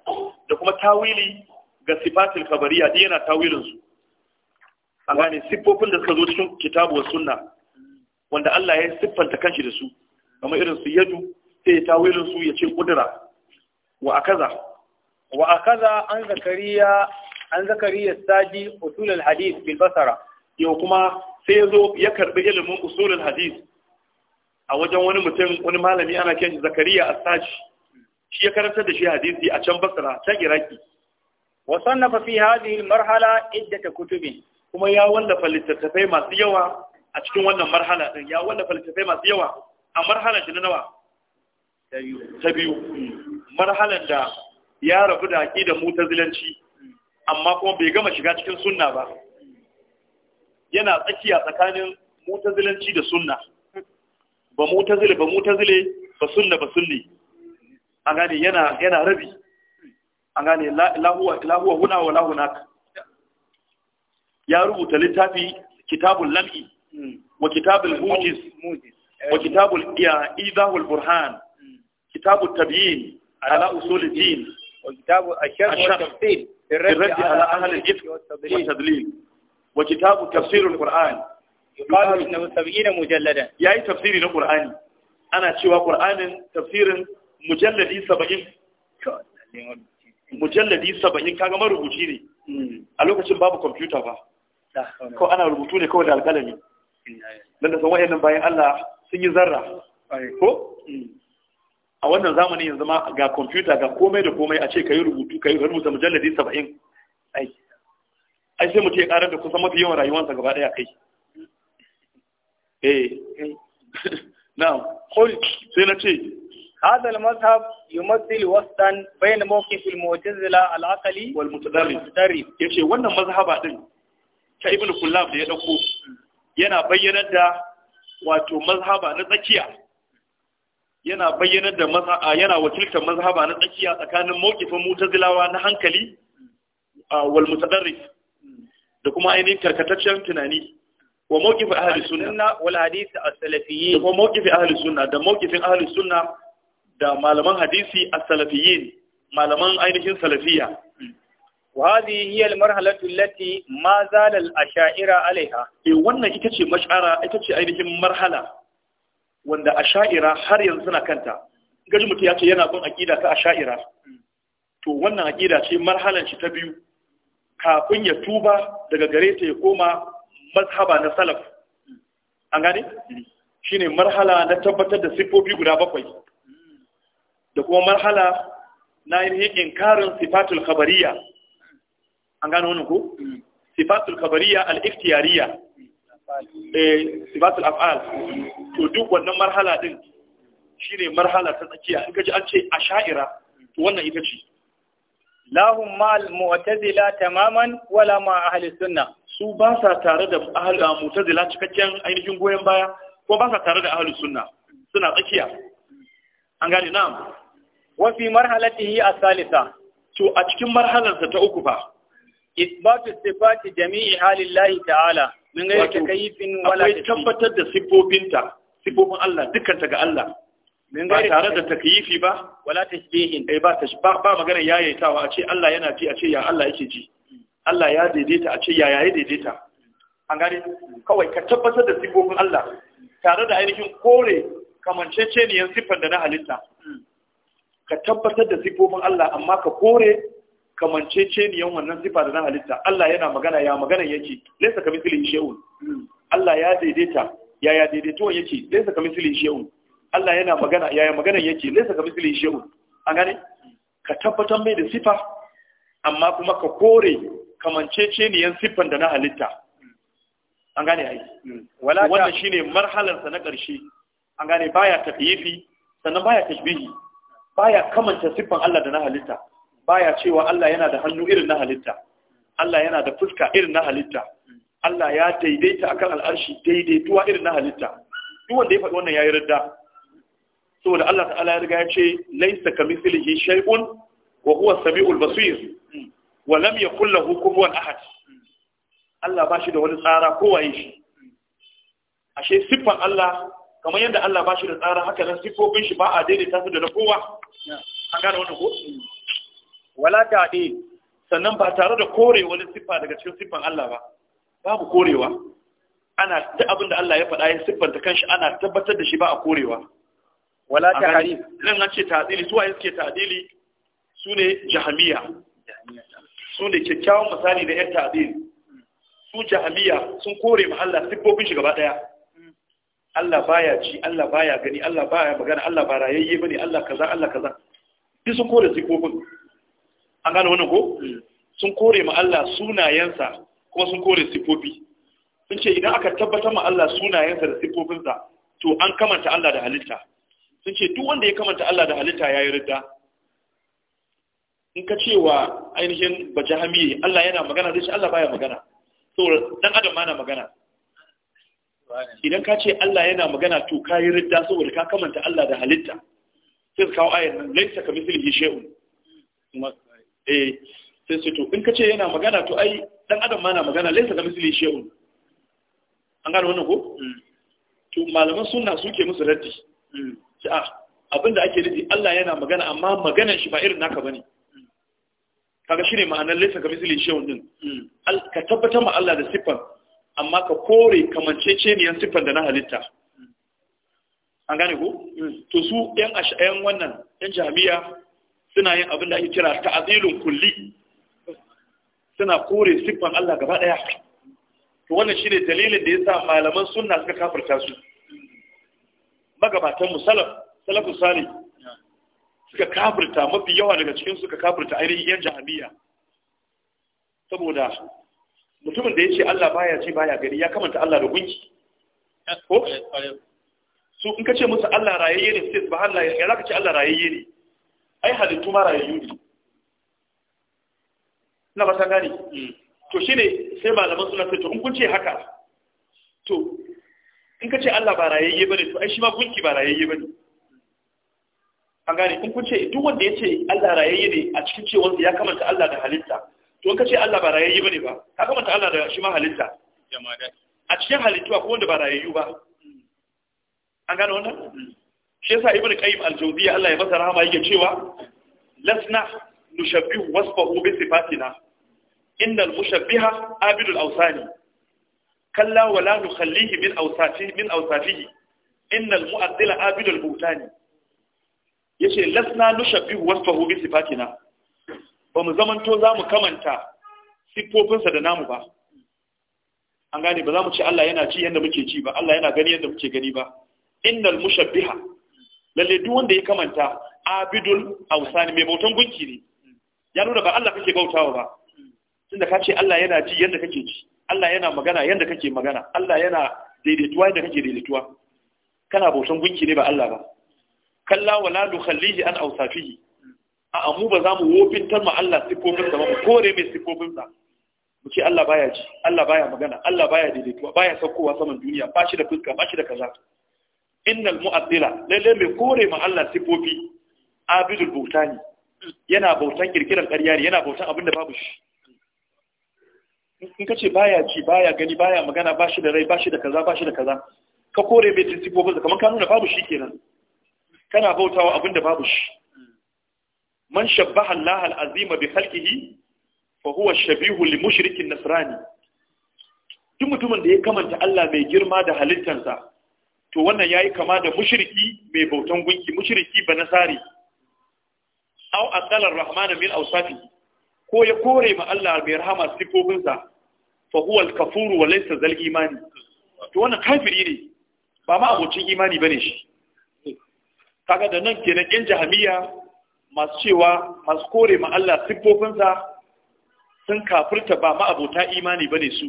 da kuma tawili ga sifatil kabariya din yana tawilinsu. an gane siffofin da suka zo cikin kitabu wa sunna wanda Allah ya siffanta kanshi da su kamar irin su yadu sai ya tawilinsu ya ce kudura wa akaza wa akaza an zakariya an zakariya sadi usul hadith bil basara yau kuma sai ya zo ya karbi ilimin usul hadith a wajen wani mutum wani malami ana kiran zakariya a sashi shi ya karanta da shi hadisi a can basra can iraki Wasan na fafi fi marhala almarhala ta kutubin kuma ya wallafa littattafai masu yawa a cikin wannan marhala din ya wallafa littattafai masu yawa a marhalar da nawa ta biyu marhalar da ya rabu da aqidar mutazilanci amma kuma bai gama shiga cikin sunna ba yana tsakiya tsakanin mutazilanci da sunna ba zile ba zile ba sunna ba sunni an gane yana yana rabi an gane lahuwa lahuwa huna wa lahuna ya rubuta littafi kitabul lam'i wa kitabul mujiz wa kitabul idahul burhan kitabut tabyin ala usul din wa kitabu ashar wa tafsir Wa على أهل الإفك Ya yi tafsiri na qur'ani ana cewa qur'anin tafsirin mujalladi saba'in. mujalladi 70 kaga marubuci ne a lokacin babu kwamfuta ba ko ana rubutu ne kawai da alƙalami dan da san wayannan bayan Allah sun yi zarra ko a wannan zamani yanzu ma ga kwamfuta ga komai da komai a ce ka yi rubutu ka yi rubuta mujalladi saba'in. ai sai mu ya ƙarar da kusan mafi yawan rayuwarsa gaba ɗaya kai Eh, eh na'am qul sai na ce هذا المذهب يمثل وسطا بين موقف المعتزلة العقلي والمتدرب yace wannan mazhaba din ta ibnu kullab da ya dauko yana bayyanar da wato mazhaba na tsakiya yana bayyanar da mazhaba yana wakiltar mazhaba na tsakiya tsakanin mawqifin mutazilawa na hankali wal mutadarrif da kuma ainihin karkataccen tunani wa mawqif ahli sunna wal hadith as-salafiyyin wa mawqif ahli sunna da mawqifin ahli a da malaman hadisi salafiya. salafiyyin malaman ainihin salafiyya وهذه هي المرحلة التي ما زال الأشاعرة عليها إيه وانا إتشي مشعرة إتشي أينهم مرحلة وانا أشاعرة هر ينزنا كانتا gaji mutum ya ce yana bin aƙida ta to wannan aƙida ce marhalan shi ta biyu kafin ya tuba daga gare ta ya koma mazhaba na salaf an gane shine marhala na tabbatar da siffofi guda bakwai da kuma marhala na yin inkarin sifatul khabariya an gane wani ko sifatul khabariya al-ikhtiyariya eh sifatul af'al to duk wannan marhala din shine marhala ta tsakiya in kaji an ce asha'ira to wannan ita ce lahum mal mu'tazila tamaman wala ma ahli sunnah su ba sa tare da ah, mutazila cikakken ainihin goyon baya ko ba sa tare da ahlus sunna suna tsakiya an gane na'am wa ta yi a salisa to a cikin marhalar ta uku fa isbatu sifati jami'i halillahi ta'ala min ga yake fin wala akwai tabbatar da sifofinta sifofin Allah dukkan ta ga Allah min ba tare da takyifi ba wala tashbihin eh, ba ba magana yayaitawa a ce Allah yana ji a ce ya Allah yake ji Allah ya daidaita a ce yaya ya daidaita an gani kawai ka tabbatar da sifofin Allah tare da ainihin kore kamanceceniyar siffar da na halitta ka tabbatar da sifofin Allah amma ka kore kamanceceniyar wannan siffa da na halitta Allah yana magana ya magana yake laysa ka misli shay'un Allah ya daidaita yaya daidaito yake laysa ka misli shay'un Allah yana magana yaya magana yake laysa ka misli shay'un an gani ka tabbatar mai da sifa amma kuma ka kore yan siffan da na halitta an gane ai hmm. wannan shine marhalarsa na ƙarshe an gane baya tafiyifi sannan baya tashbihi baya kamanta siffan Allah da na halitta baya cewa Allah yana da hannu irin na halitta Allah yana da fuska irin na halitta Allah ya daidaita akan al'arshi daidaituwa irin na halitta duk wanda ya faɗi wannan yayi ridda saboda Allah ta'ala ya riga ya ce laysa kamithlihi shay'un wa huwa as-sami'ul basir Walam ya yakul lahu ahad Allah ba shi da wani tsara kowaye shi ashe siffan Allah kamar yadda Allah ba shi da tsara haka nan siffofin shi ba a daidaita su da na kowa an gane wannan ko wala ta'dil sannan ba tare da kore wani siffa daga cikin siffan Allah ba babu korewa ana ta abin da Allah ya faɗa ya siffanta kanshi ana tabbatar da shi ba a korewa wala ta'rif nan an ce ta'dili su waye suke ta'dili sune jahamiya. su ne kyakkyawan misali da 'yan ta'adil su jahamiya sun kore ma Allah siffofin shi gaba ɗaya Allah baya ci Allah baya gani Allah baya magana Allah ba rayayye bane Allah kaza Allah kaza duk sun kore siffofin an gane wannan ko sun kore ma Allah sunayensa kuma sun kore siffofi sun ce idan aka tabbatar ma Allah sunayensa da siffofinsa to an kamanta Allah da halitta sun ce duk wanda ya kamanta Allah da halitta yayi ridda in ka ce wa ainihin jahamiye Allah yana magana zai ce Allah baya magana to dan adam ma na magana idan ka ce Allah yana magana to ka yi ridda saboda ka kamanta Allah da halitta sai ka kawo ayar nan laisa ka shi shay'un eh sai sai to in ka ce yana magana to ai dan adam ma na magana laisa ka misli shay'un an gane wannan ko mm. to malaman sunna suke musu raddi mm. a ah, abinda ake nufi Allah yana magana amma maganar shi ba irin naka bane kaga shine ma'anar laisa ka misali shay'un din hmm. ka tabbatar ma Allah da siffan amma ka kore yan siffan da na halitta an gane ko hmm. to su yan ash'ayan wannan yan jami'a suna yin abin da ake kira ta'zilun kulli suna kore siffan Allah gaba daya to wannan shine dalilin da yasa malaman sunna suka kafirta su magabatan musalaf salafus salih suka kafirta mafi yawa daga cikin suka kafirta ainihin yan jahamiya saboda mutumin da ya ce Allah baya ce baya gari, ya kamanta Allah da gunki ko su in ka ce musu Allah rayayye ne sai ba Allah ya zaka ce Allah rayayye ne ai halittu ma rayayyu ne na ba san gani to shine sai malaman suna sai to in kun ce haka to in ka ce Allah ba rayayye bane to ai shi ma gunki ba rayayye bane an gane in kun ce duk wanda ya ce Allah rayayye ne a cikin cewarsa ya kamanta Allah da halitta to in ka ce Allah ba rayayye bane ba ka kamanta Allah da shi ma halitta a cikin halittuwa akwai wanda ba rayayyu ba an gane wannan shi yasa ibnu qayyim al-jawziyya Allah ya masa rahama yake cewa lasna nushabbihu wasfahu bi sifatina mushabbiha abidul awsani kalla wala nukhallihi min min innal mu'addila abidul butani yace lasna nushabbihu wasfahu bi sifatina ba mu zamanto za mu kamanta siffofinsa da namu ba an gane ba za mu ce Allah yana ci yadda muke ci ba Allah yana gani yadda muke gani ba innal mushabbiha lalle duk wanda ya kamanta abidul awsani mai bautan gunki ne ya nuna ba Allah kake bautawa ba tunda ka ce Allah yana ji yadda kake ji Allah yana magana yadda kake magana Allah yana daidaituwa yadda kake daidaituwa kana bautan gunki ne ba Allah ba kalla wala nukhallihi an awsafihi a mu ba za mu wofintar ma Allah sifofin sa ba mu kore mai sifofin sa mu ce Allah baya ji Allah baya magana Allah baya daidaituwa baya saukowa saman duniya ba shi da fuska ba shi da kaza innal mu'addila lalle mai kore ma Allah sifofi abidul bautani yana bautan kirkiran ƙarya ne yana bautan abin da babu shi in ka ce baya ji, baya gani baya magana ba shi da rai ba shi da kaza ba shi da kaza ka kore mai sifofin sa kamar ka nuna babu shi kenan kana bautawa abin da babu shi man shabbaha Allah al-azima bi khalqihi fa huwa shabihu li mushrikin nasrani duk mutumin da ya kamanta Allah mai girma da halittarsa, to wannan yayi kama da mushriki mai bautan gunki mushriki ba nasari aw aqala ar-rahmana min awsafi ko ya kore ma Allah mai rahama sifofinsa fa huwa al-kafuru wa laysa zal imani to wannan kafiri ne ba ma abocin imani bane shi kaga da nan kenan yan jahamiya masu cewa masu kore ma Allah siffofinsa sun kafirta ba ma'abota imani bane su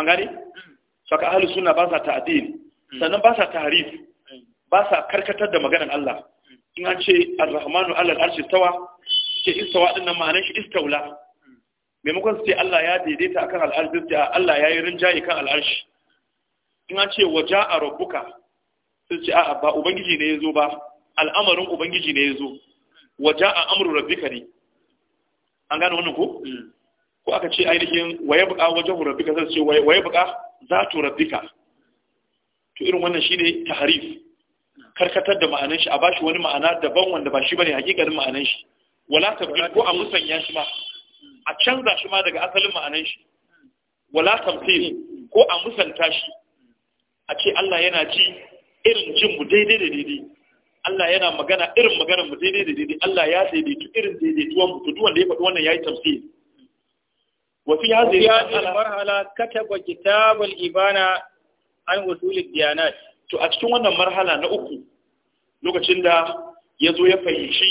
an gane saka ahli sunna ba sa ta'dil sannan ba sa tahrif ba sa karkatar da maganar Allah in an ce ar-rahmanu al arshi tawa ce istawa din nan ma'anar shi istaula maimakon su ce Allah ya daidaita akan al'arshi Allah ya yi rinjaye kan al'arshi in an ce waja a rabbuka sai ce a'a ba ubangiji ne ya zo ba al'amarin ubangiji ne ya zo waje a amru rabbika ne an gane wannan ko hmm. ko aka ce ainihin waye buka wajen rabbika sai ce waye buka zatu rabbika to irin wannan shine tahrif karkatar da ma'anar shi a bashi wani ma'ana daban wanda ba shi bane hakikanin ma'anar shi wala tabdil ko a musanya shi ma a canza shi ma daga asalin ma'anar shi wala tamthil ko a musanta shi a ce Allah yana ji irin jin mu daidai da daidai Allah yana magana irin maganar mu daidai da daidai Allah ya daidaitu irin daidaituwan mu duk wanda ya faɗi wannan yayi tafsir wa fi hadhihi al-marhala kataba kitab al-ibana an usul al-diyanat to a cikin wannan marhala na uku lokacin da ya zo ya fahimci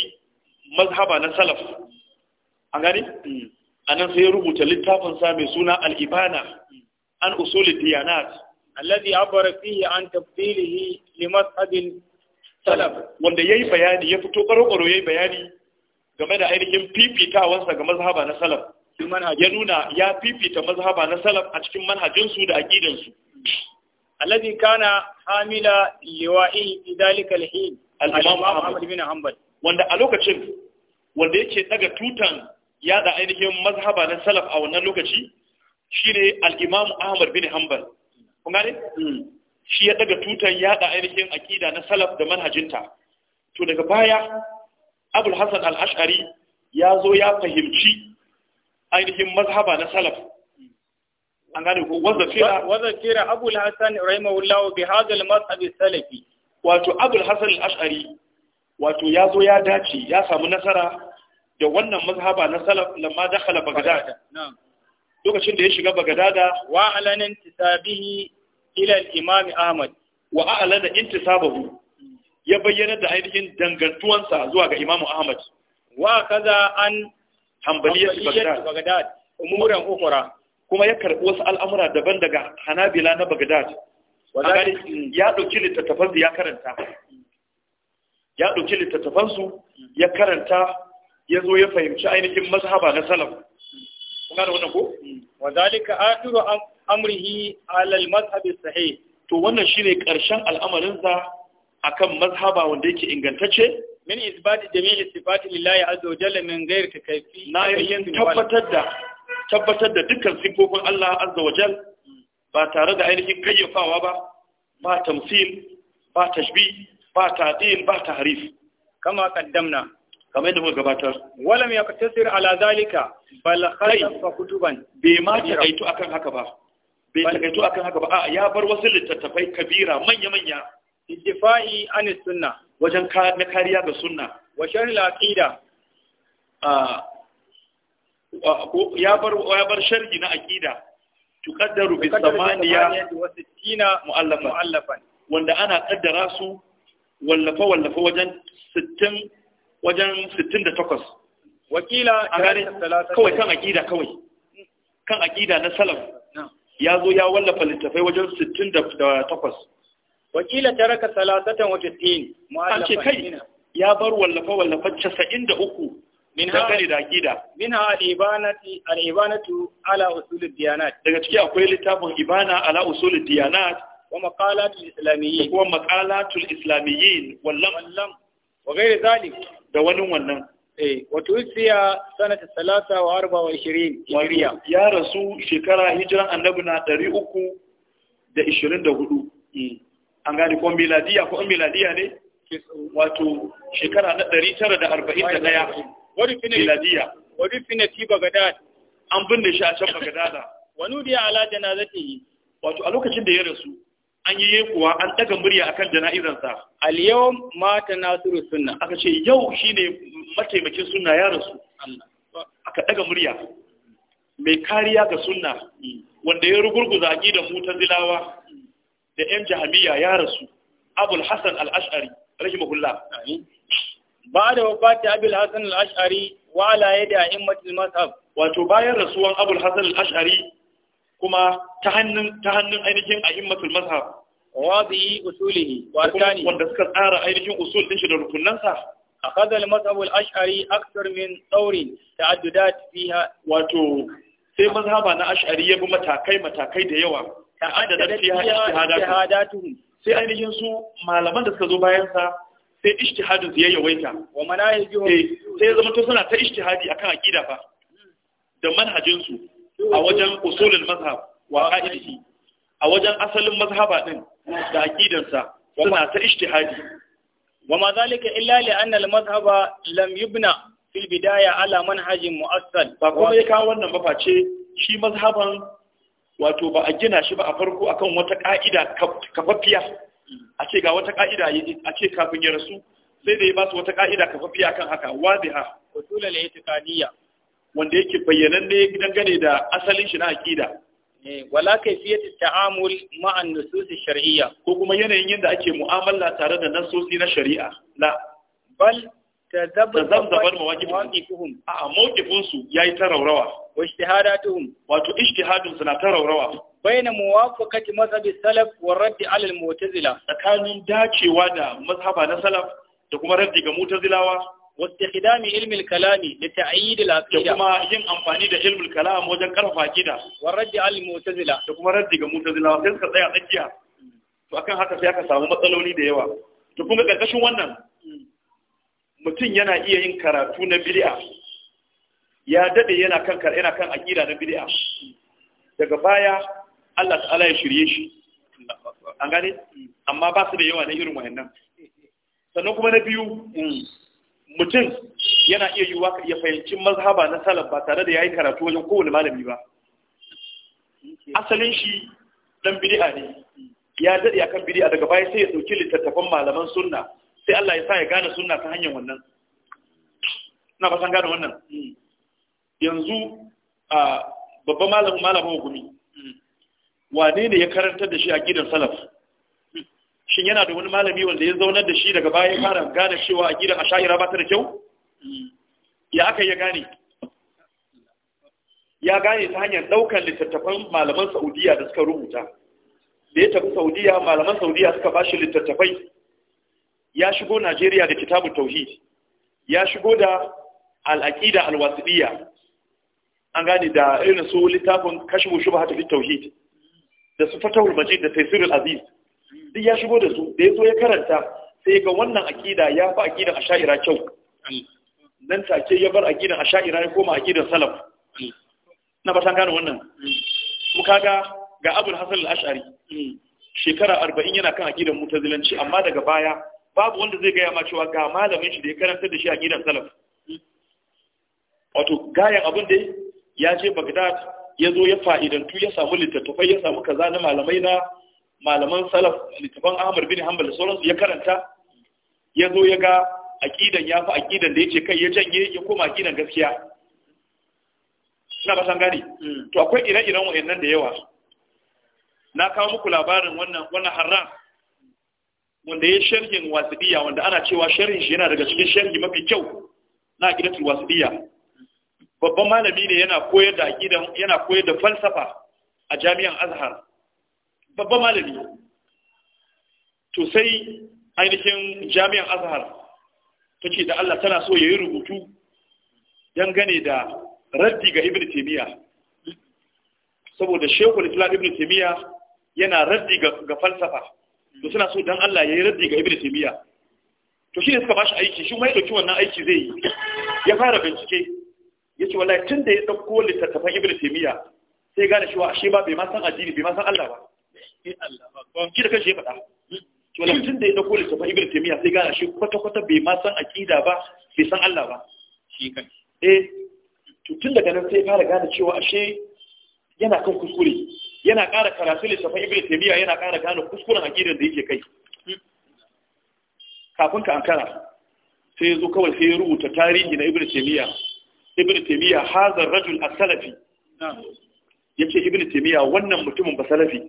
mazhaba na salaf an gani mm. anan sai ya rubuta littafin sa mai suna al-ibana an usul al-diyanat الذي عبر فيه an tafsilihi li السلف salaf wanda yayi bayani ya fito karo karo yayi bayani game da ainihin sa ga mazhaba na salaf ya nuna ya fifita mazhaba na salaf a cikin manhajinsu da su alladhi kana hamila liwa'i bidalika alhin al-imam Ahmad bin Hanbal wanda a lokacin wanda yake daga tutan da ainihin mazhaba na salaf a wannan lokaci shine al-imam Ahmad bin Hanbal kun gane hmm. shi ya daga tutan yada ainihin akida na salaf da manhajinta to daga baya abul hasan al-ash'ari ya zo ya fahimci ainihin mazhaba na salaf an gane ko wanda kira abul hasan rahimahullahu bi hadha al-mazhab salafi wato abul hasan al-ash'ari wato ya zo ya dace ya samu nasara da wannan mazhaba na salaf lamma dakhala bagdad na'am lokacin da ya shiga bagadada wa alanin tisabihi ila al-imam ahmad wa alada intisabahu ya bayyana da ainihin dangantuwansa zuwa ga imam ahmad wa kaza an hanbaliyat bagdad umuran ukhra kuma ya karbi wasu al'amura daban daga hanabila na bagdad ya ɗauki littattafansu ya karanta ya littattafan su ya karanta ya zo ya fahimci ainihin mazhaba na salaf kun wannan ko wa zalika akhiru amrihi ala al-madhhab sahih to wannan shine karshen al'amarin sa akan mazhaba wanda yake ingantacce min isbati jami'i sifati lillahi azza wa jalla min ghairi takayfi na yin tabbatar da tabbatar da dukkan sifofin Allah azza wa jalla ba tare da ainihin kayyafawa ba ba tamsil ba tashbih ba ta'dil ba tahrif kama qaddamna kamar yadda muka gabatar walam yaqtasir ala zalika bal khalafa kutuban bai ma takaitu akan haka ba bai takaitu akan haka ba a ya bar wasu littattafai kabira manya manya ittifai an sunna wajen na kariya ga sunna wa al aqida ya bar ya bar sharhi na aqida tuqaddaru bi samaniya wa sittina mu'allafan wanda ana kaddara su wallafa wallafa wajen 60 wajen 68 wakila a gane kawai kan aƙida kawai kan aƙida na salaf ya zo ya wallafa littafai wajen 68 wakila taraka 63 an ce kai ya bar wallafa-wallafa 93
min dangane da
aƙida min ha Ibanatu ala usulul diyanat daga ciki akwai littafin ibana ala usulul diyanat wa maqalatul islamiyyin wa maqalatul islamiyyin wallam wa gairi zalik da wani wannan eh wato isiya sanata salasa wa harba wa ishirin hijriya ya rasu shekara hijiran annabi na ɗari uku da ishirin da hudu hmm. an gani ko miladiya ko miladiya ne wato shekara na ɗari tara da arba'in da ɗaya wani fina miladiya wani fina ti bagadad an binne shi a can bagadada wani diya ala yi. wato a lokacin da ya rasu an yi kuwa an daga murya akan jana'izansa al-yawm mata nasiru sunna aka ce yau shine mataimakin sunna ya rasu aka daga murya mai kariya ga sunna wanda ya rugurguza ta mutazilawa da yan jahamiya ya rasu abul hasan al-ash'ari rahimahullah ba da wafati abul hasan al-ash'ari wa ala yadi a'immatul mazhab wato bayan rasuwan abul hasan al-ash'ari kuma ta hannun ta hannun ainihin a'immatul mazhab wadi usulihi wa arkani wanda suka tsara ainihin usul din shi da rukunansa akhadha al-mazhab al-ash'ari akthar min tawrin ta'addudat fiha wato sai mazhaba na ash'ari ya bi matakai matakai da yawa ta'addadat fiha ijtihadatuhum sai ainihin su malaman da suka zo bayan sa sai ijtihadin su ya yawaita wa manahijihum eh, sai zama to suna ta ijtihadi akan aqida fa da manhajin su a wajen usulul mazhab wa qa'idihi a wajen asalin mazhaba din da aqidansa suna ta ijtihadi wa ma zalika illa li anna al mazhaba lam yubna fil bidaya ala manhajin mu'assal ba kuma ya kawo wannan ba face shi mazhaban wato ba a gina shi ba a farko akan wata ka'ida kafaffiya a ce ga wata ka'ida a ce kafin ya rasu sai da ya ba su wata ka'ida kafaffiya kan haka wadiha usulul itiqadiyya wanda yake ne dangane da asalin shi na aqida eh, wala kaifiyati ta'amul ma'an nusus shar'iyya ko kuma yanayin yadda ake mu'amala tare da nasosi na shari'a la bal tazabzabar mawaqifuhum a mawqifin su yayi ta raurawa wa ishtihadatuhum. wato ishtihadun suna na ta raurawa baina muwafaqati mazhabi salaf wa raddi 'ala al-mu'tazila tsakanin dacewa da mazhaba na salaf da kuma raddi ga mu'tazilawa واستخدام علم الكلام لتأييد العقيدة كما yin amfani da ilmul kalam wajen karfa akida warraddi al mu'tazila da kuma raddi ga mu'tazila sai suka tsaya tsakiya to akan haka sai aka samu matsaloli da yawa to kuma karkashin wannan mutum yana iya yin karatu na bid'a ya dade yana kan yana kan akida na bid'a daga baya Allah ta'ala ya shirye shi an gane mm. amma ba su da yawa na irin wannan. sannan kuma na biyu mm. mutum yana iya yiwuwa ya fahimci mazhaba na salaf ba tare da ya yi karatu wajen kowane malami ba asalin shi dan bid'a ne ya dade akan bid'a daga baya sai ya dauki littattafan malaman sunna sai Allah ya sa ya gane sunna ta hanyar wannan ina ba san gane wannan yanzu a babban malamin malamin hukumi wane ne ya karanta da shi a gidan salaf shin yana da wani malami wanda ya zaunar da shi daga baya fara gane cewa a gidan ashayira ba ta da kyau ya aka ya gane ya gane ta hanyar daukan littattafan malaman saudiya da suka rubuta da ya tafi saudiya malaman saudiya suka ba shi littattafai ya shigo najeriya da kitabun tauhid ya shigo da al'aƙida alwasiɗiya an gane da irin su littafin kashi mu shuba fi tauhid da su fatahul majid da taisirul aziz duk ya shigo da su da ya zo ya karanta sai ga wannan akida ya fi akidan asha'ira kyau nan take ya bar akidan asha'ira ya koma akidan salaf na ba san gane wannan mu kaga ga abul hasan al-ash'ari shekara 40 yana kan akidan mutazilanci amma daga baya babu wanda zai gaya ma cewa ga malamin shi da ya karanta da shi akidan salaf wato gayan abin da ya je bagdad ya zo ya fa'idantu ya samu littattafai ya samu kaza na malamai na malaman salaf littafan ahmad bin hanbal da sauransu ya karanta ya zo ya ga aqidan ya fi aqidan da ce kai ya janye ya koma aqidan gaskiya ina basan gani gane hmm. to akwai ire-iren wayannan da yawa na kawo muku labarin wannan wannan haram wanda ya sharhin wasidiya wanda ana cewa sharhin shi yana daga cikin sharhi mafi kyau na aqidatul wasidiya babban malami ne yana koyar da aqidan yana koyar da falsafa a jami'an azhar babban malami to sai ainihin jami'an azhar ta ce da Allah tana so ya yi rubutu dangane da raddi ga ibn taimiyya saboda shekul islam ibn taimiyya yana raddi ga falsafa to suna so dan Allah ya yi raddi ga ibn taimiyya to shi ne suka shi aiki shi mai dauki wannan aiki zai yi ya fara bincike ya ce wallahi tun da ya ɗauko littattafan ibn taimiyya sai gane shi ashe ba bai ma san addini bai ma san Allah ba shi kashe ya faɗa to mutum da ya dauko littafin ibn taymiya sai gana shi kwata kwata bai ma san aqida ba bai san Allah ba shi kan eh to daga nan sai fara gane cewa ashe yana kan kuskure yana ƙara karatu littafin ibn taimiyya yana ƙara gane kuskuren aqidar da yake kai kafin ka ankara sai ya zo kawai sai ya rubuta tarihi na ibn taimiyya, ibn taimiyya hazar rajul as-salafi yace ibn taimiyya wannan mutumin ba salafi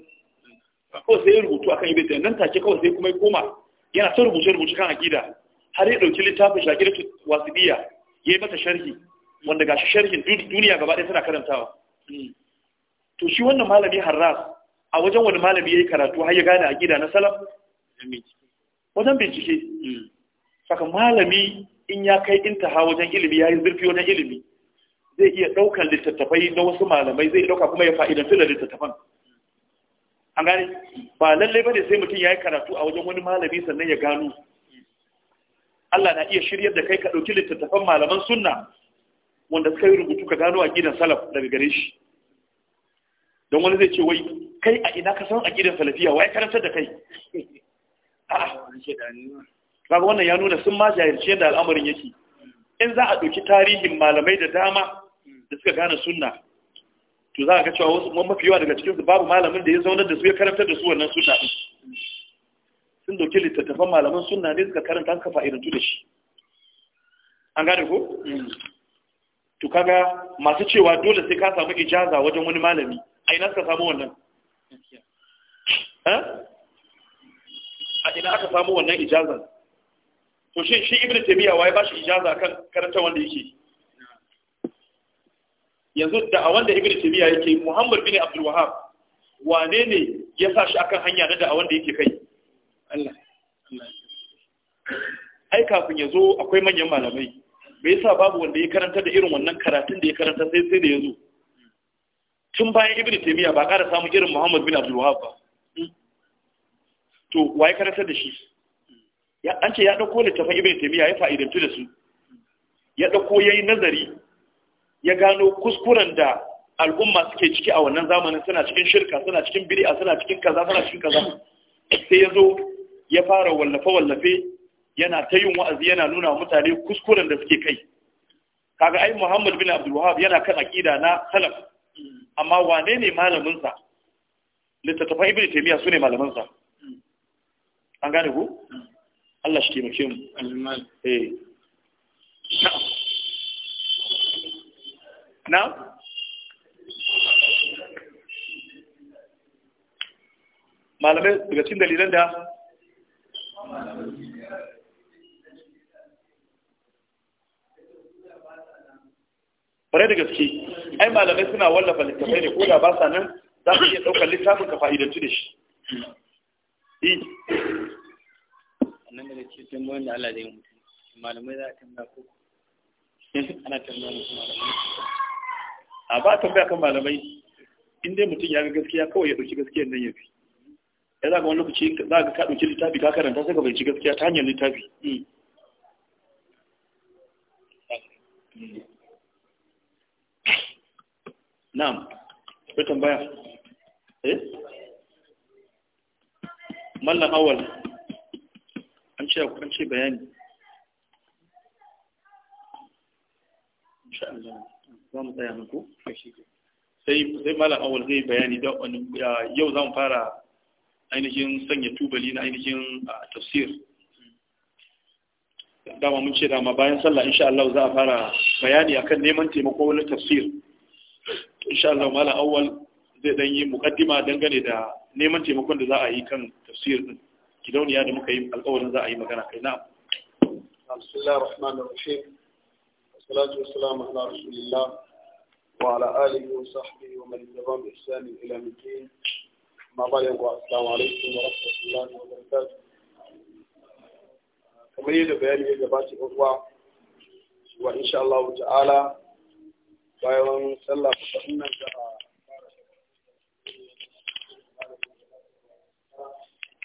kawai sai ya rubutu akan ibn taymiya nan take kawai sai kuma ya koma yana ta rubuce rubuce kan akida har ya ɗauki littafin shakiratu ya yi mata sharhi wanda gashi sharhin duniya gaba ɗaya tana karantawa hmm. to shi wannan malami harras a wajen wani malami yi karatu har ya gane akida na Salam. wajen bincike hmm. saka malami in ya kai intaha wajen ilimi ya yi zurfi wajen ilimi zai iya ɗaukar littattafai na wasu malamai zai ɗauka kuma ya fa'idantu da littattafan an gane ba lallai bane sai mutum ya yi karatu a wajen wani malami sannan ya gano Allah na iya shiryar da kai ka ɗauki littattafan malaman sunna wanda suka yi rubutu ka gano a gidan salaf daga gare shi don wani zai ce wai kai a ina ka san a gidan salafiya wai karantar da kai ga wannan ya nuna sun ma jahilci yadda al'amarin yake in za a ɗauki tarihin malamai da dama da suka gane sunna to za a ga cewa wasu mafi yawa daga cikinsu babu malamin da ya zaunar da su ya karantar da su wannan sunna din sun dauki littattafan malaman sunna ne suka karanta an kafa irin da shi an gane ko mm. to kaga masu cewa dole sai ka samu ijaza wajen wani malami a ina suka samu wannan eh? a ina aka samu wannan ijazan to shi ibn tabiya waye ba shi ijaza kan karanta wanda yake yanzu da a wanda ibn tabiya yake muhammad bin abdul wahab wane ne ya sa shi akan hanya na da a wanda yake kai Allah ai kafin ya zo akwai manyan malamai me yasa babu wanda ya karanta da irin wannan karatun da ya karanta sai sai da ya zo tun bayan ibn tabiya ba ƙara samun irin muhammad bin abdul wahab ba to wa ya karanta da shi an ce ya ɗauko littafin ibn tabiya ya fa'idantu da su ya ɗauko ya yi nazari ya gano kuskuren da al'umma suke ciki a wannan zamanin suna cikin shirka suna cikin biri'a suna cikin kaza suna cikin kaza sai ya zo ya fara wallafe wallafe yana ta yin wa'azi yana nuna wa mutane kuskuren da suke kai kaga ai Muhammad bin Abdul wahab yana kan aqida na salaf amma wane ne malamin sa littattafan Ibn taymiya sune malamin sa an gane ku Allah shi ke mu eh na'am na malamai daga cikin dalilan da fare da gaske ai malamai suna wallafa littafai ne ko da ba sa nan za su iya ɗaukar littafin ka fa'idantu da shi e. da ke cikin wanda Allah zai mutu malamai za a tambaya ko ana tambaya malamai a ba tambaya kan malamai in mutum ya ga gaskiya kawai ya ɗauki gaskiyar nan ya fi ya za ka wani lokaci za ka ka ɗauki littafi ka karanta sai ka bai ci gaskiya ta hanyar littafi na'am akwai tambaya eh mallam awal an ce an ce bayani Allah za mu tsaya muku kashi sai sai malam awul zai bayani da yau zamu fara ainihin sanya tubali na ainihin tafsir dama mun ce dama bayan sallah insha Allah za a fara bayani akan neman taimako wani tafsir insha Allah malam awul zai dan yi mukaddima dangane da neman taimakon da za a yi kan tafsir din gidauniya da muka yi alƙawarin za a yi magana kai na'am بسم الله الرحمن الرحيم والصلاة والسلام على رسول الله وعلى آله وصحبه ومن اتبعهم بإحسان إلى مدين ما بعد السلام عليكم ورحمة الله وبركاته kamar yadda bayani ya gabata uwa wa insha Allah ta'ala bayan sallah